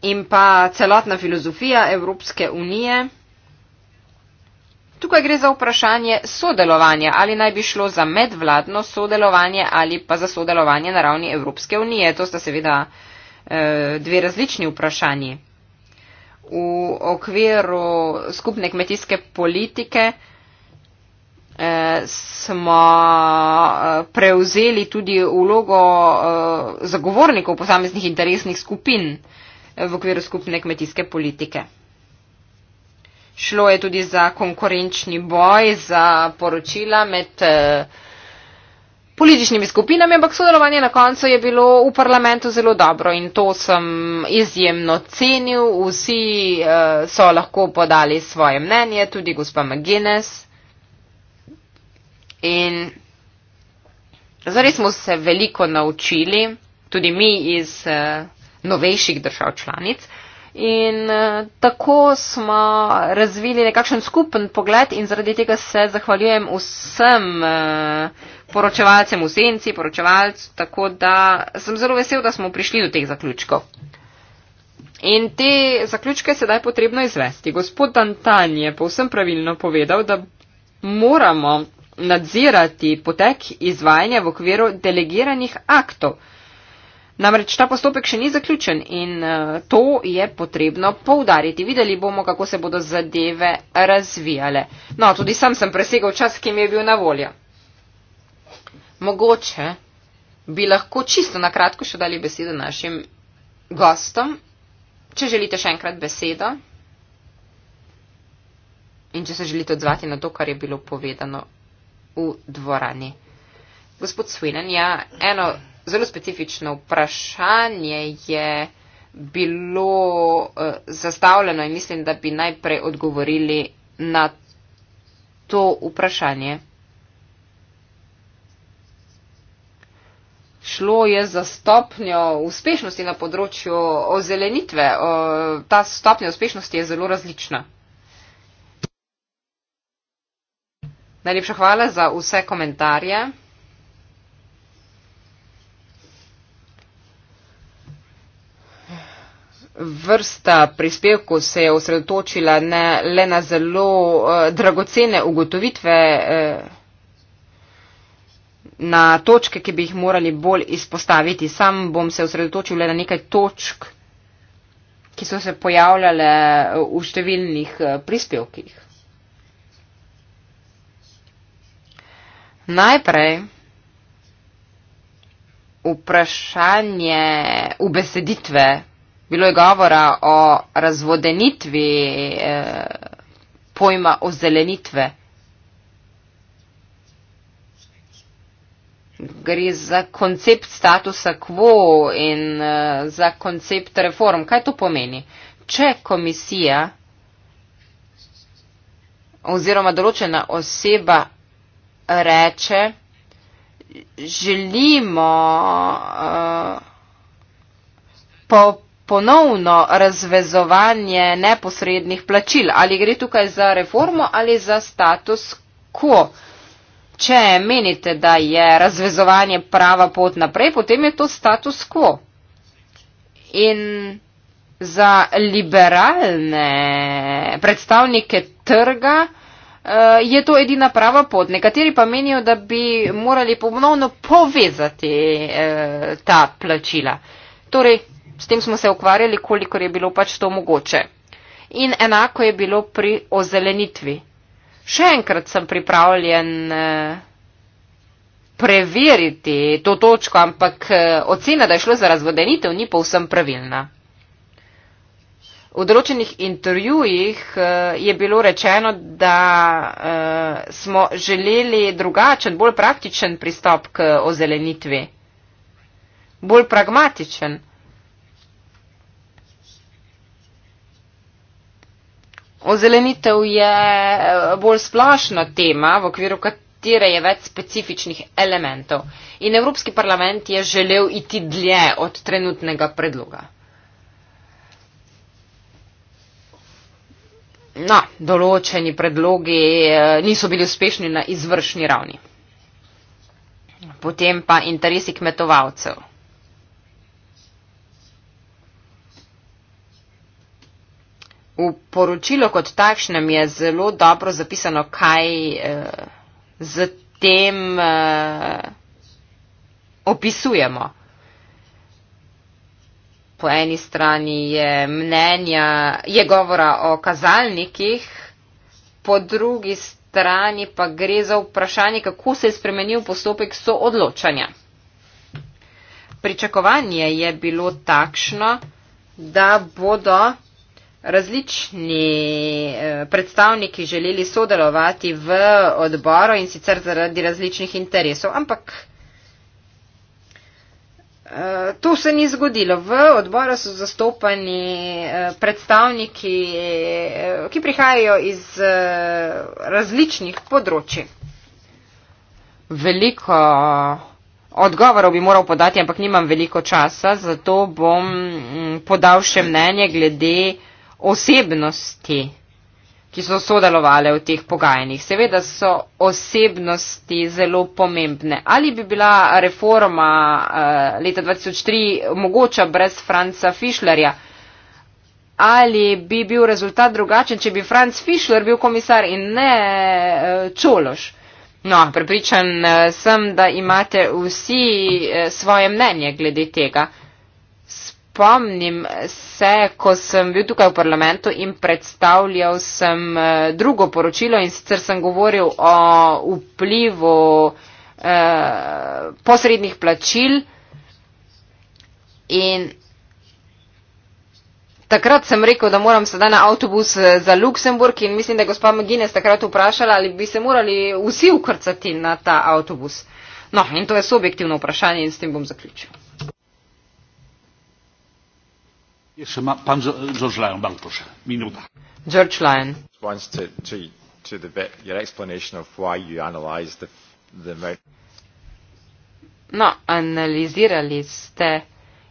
[SPEAKER 3] in pa celotna filozofija Evropske unije. Tukaj gre za vprašanje sodelovanja, ali naj bi šlo za medvladno sodelovanje ali pa za sodelovanje na ravni Evropske unije. To sta seveda eh, dve različni vprašanji. V okviru skupne kmetijske politike eh, smo eh, prevzeli tudi ulogo zagovornikov posameznih interesnih skupin v okviru skupne kmetijske politike. Šlo je tudi za konkurenčni boj, za poročila med eh, političnimi skupinami, ampak sodelovanje na koncu je bilo v parlamentu zelo dobro in to sem izjemno cenil. Vsi eh, so lahko podali svoje mnenje, tudi gospa McGuinness. In zares smo se veliko naučili, tudi mi iz eh, novejših držav članic. In eh, tako smo razvili nekakšen skupen pogled in zaradi tega se zahvaljujem vsem eh, poročevalcem v senci, poročevalcu, tako da sem zelo vesel, da smo prišli do teh zaključkov. In te zaključke sedaj je potrebno izvesti. Gospod Dantan je povsem pravilno povedal, da moramo nadzirati potek izvajanja v okviru delegiranih aktov. Namreč ta postopek še ni zaključen in eh, to je potrebno poudariti. Videli bomo, kako se bodo zadeve razvijale. No, tudi sam sem presegal čas, ki mi je bil na voljo. Mogoče bi lahko čisto na kratko še dali besedo našim gostom. Če želite še enkrat besedo in če se želite odzvati na to, kar je bilo povedano v dvorani. Gospod Svinen, ja, eno zelo specifično vprašanje je bilo uh, zastavljeno in mislim, da bi najprej odgovorili na to vprašanje. Šlo je za stopnjo uspešnosti na področju ozelenitve. Uh, ta stopnja uspešnosti je zelo različna. Najlepša hvala za vse komentarje. vrsta prispevkov se je osredotočila ne le na zelo uh, dragocene ugotovitve, uh, na točke, ki bi jih morali bolj izpostaviti. Sam bom se osredotočil le na nekaj točk, ki so se pojavljale eh, v številnih uh, prispevkih. Najprej vprašanje ubeseditve bilo je govora o razvodenitvi eh, pojma ozelenitve. Gre za koncept statusa quo in eh, za koncept reform. Kaj to pomeni? Če komisija oziroma določena oseba reče, želimo eh, popolnoma ponovno razvezovanje neposrednih plačil. Ali gre tukaj za reformo ali za status quo? Če menite, da je razvezovanje prava pot naprej, potem je to status quo. In za liberalne predstavnike trga eh, je to edina prava pot. Nekateri pa menijo, da bi morali ponovno povezati eh, ta plačila. Torej, S tem smo se ukvarjali, kolikor je bilo pač to mogoče. In enako je bilo pri ozelenitvi. Še enkrat sem pripravljen eh, preveriti to točko, ampak eh, ocena, da je šlo za razvodenitev, ni povsem pravilna. V določenih intervjujih eh, je bilo rečeno, da smo želeli drugačen, bolj praktičen pristop k ozelenitvi. Bolj pragmatičen. Ozelenitev je eh, bolj splošna tema, v okviru katere je več specifičnih elementov. In Evropski parlament je želel iti dlje od trenutnega predloga. Na, no, določeni predlogi eh, niso bili uspešni na izvršni ravni. Potem pa interesi kmetovalcev. v poročilu kot takšnem je zelo dobro zapisano, kaj z eh, tem eh, opisujemo. Po eni strani je mnenja, je govora o kazalnikih, po drugi strani pa gre za vprašanje, kako se je spremenil postopek soodločanja. Pričakovanje je bilo takšno, da bodo različni eh, predstavniki želeli sodelovati v odboru in sicer zaradi različnih interesov, ampak eh, to se ni zgodilo. V odboru so zastopani eh, predstavniki, ki prihajajo iz različnih področji. Veliko odgovorov bi moral podati, ampak nimam veliko časa, zato bom mm, podal še mnenje glede osebnosti, ki so sodelovali v teh pogajanjih. Seveda so osebnosti zelo pomembne. Ali bi bila reforma eh, leta 2003 mogoča brez Franca Fišlerja? Ali bi bil rezultat drugačen, če bi Franc Fišler bil komisar in ne eh, Čološ? No, prepričan eh, sem, da imate vsi svoje mnenje glede tega spomnim se, ko sem bil tukaj v parlamentu in predstavljal sem eh, drugo poročilo in sicer sem govoril o vplivu eh, posrednih plačil in takrat sem rekel, da moram sedaj na avtobus eh, za Luksemburg in mislim, da je gospa Magines takrat vprašala, ali bi se morali vsi ukrcati na ta avtobus. No, in to je subjektivno vprašanje in s tem bom zaključil. George Lyon. Response to, to, to the bit, your explanation of why you analysed the, the amount. No, analizirali ste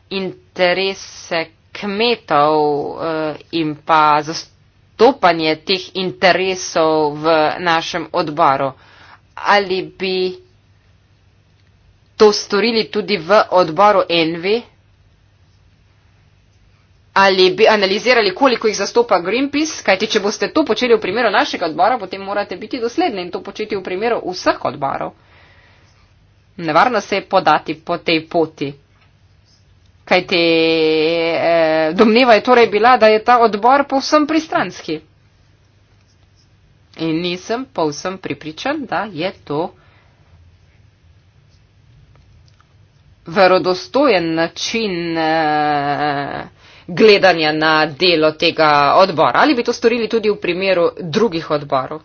[SPEAKER 3] interese kmetov uh, in pa zastopanje teh interesov v našem odboru. Ali bi to storili tudi v odboru Envi? ali bi analizirali, koliko jih zastopa Greenpeace, kajti če boste to počeli v primeru našega odbora, potem morate biti dosledni in to početi v primeru vseh odborov. Nevarno se je podati po tej poti. Kajti eh, domneva je torej bila, da je ta odbor povsem pristranski. In nisem povsem pripričan, da je to verodostojen način. Eh, gledanja na delo tega odbora ali bi to storili tudi v primeru drugih odborov?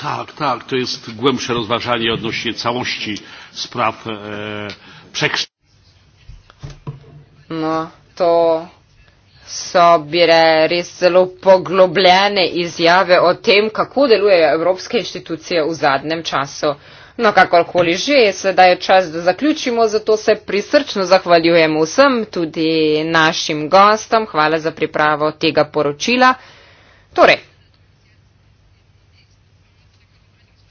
[SPEAKER 3] Tak, tak, to jest głębsze rozważanie odnośnie całości spraw e, przekształcenia. No, to so bile res zelo poglobljene izjave o tem, kako delujejo evropske inštitucije v zadnjem času. Uh, No, kakorkoli že, sedaj je čas, da zaključimo, zato se prisrčno zahvaljujem vsem, tudi našim gostom. Hvala za pripravo tega poročila. Torej,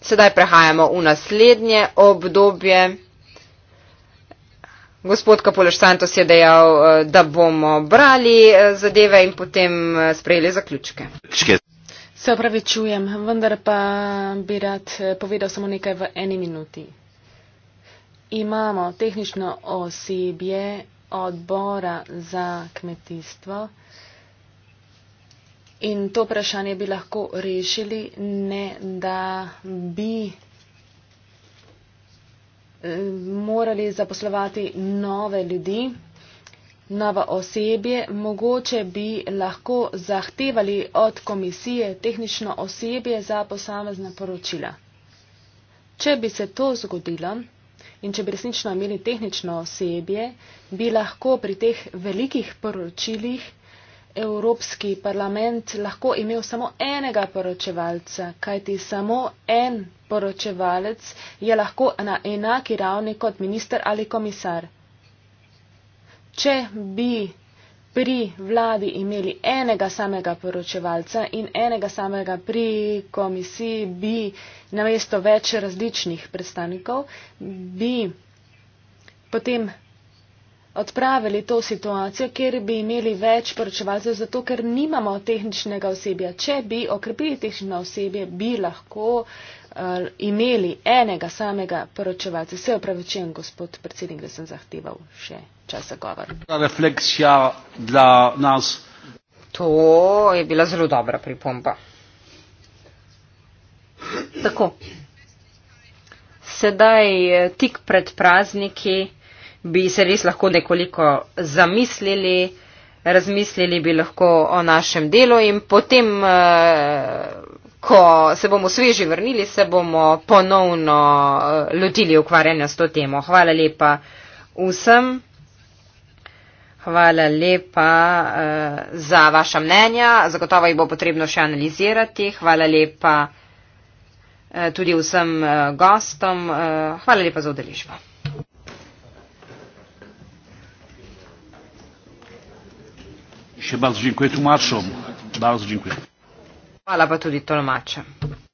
[SPEAKER 3] sedaj prehajamo v naslednje obdobje. Gospod Kapološ Santos je dejal, eh, da bomo brali eh, zadeve in potem eh, sprejeli zaključke. Škez.
[SPEAKER 1] Se opravičujem, vendar pa bi rad eh, povedal samo nekaj v eni minuti. Imamo tehnično osebje odbora za kmetijstvo in to vprašanje bi lahko rešili, ne da bi eh, morali zaposlovati nove ljudi novo osebje, mogoče bi lahko zahtevali od komisije tehnično osebje za posamezna poročila. Če bi se to zgodilo in če bi resnično imeli tehnično osebje, bi lahko pri teh velikih poročilih Evropski parlament lahko imel samo enega poročevalca, kajti samo en poročevalec je lahko na enaki ravni kot minister ali komisar če bi pri vladi imeli enega samega poročevalca in enega samega pri komisiji, bi namesto več različnih predstavnikov, bi potem odpravili to situacijo, kjer bi imeli več poročevalcev, zato ker nimamo tehničnega osebja. Če bi okrepili tehnično osebje, bi lahko Eh, imeli enega samega poročevalca. Se upravičujem, gospod predsednik, da sem zahteval še čas za govor.
[SPEAKER 3] Refleksija za nas. To je bila zelo dobra pripomba. Tako. Sedaj, eh, tik pred prazniki, bi se res lahko nekoliko zamislili, razmislili bi lahko o našem delu in potem. Uh, Ko se bomo sveži vrnili, se bomo ponovno eh, lotili ukvarjanja s to temo. Hvala lepa vsem. Hvala lepa uh, za vaša mnenja. Zagotovo jih bo potrebno še analizirati. Hvala lepa uh, tudi vsem uh, gostom. Uh, hvala lepa za udeležbo.
[SPEAKER 1] Še bardzo dziękuję tłumaczom. Bardzo dziękuję.
[SPEAKER 3] Hvala pa tudi tolmačem.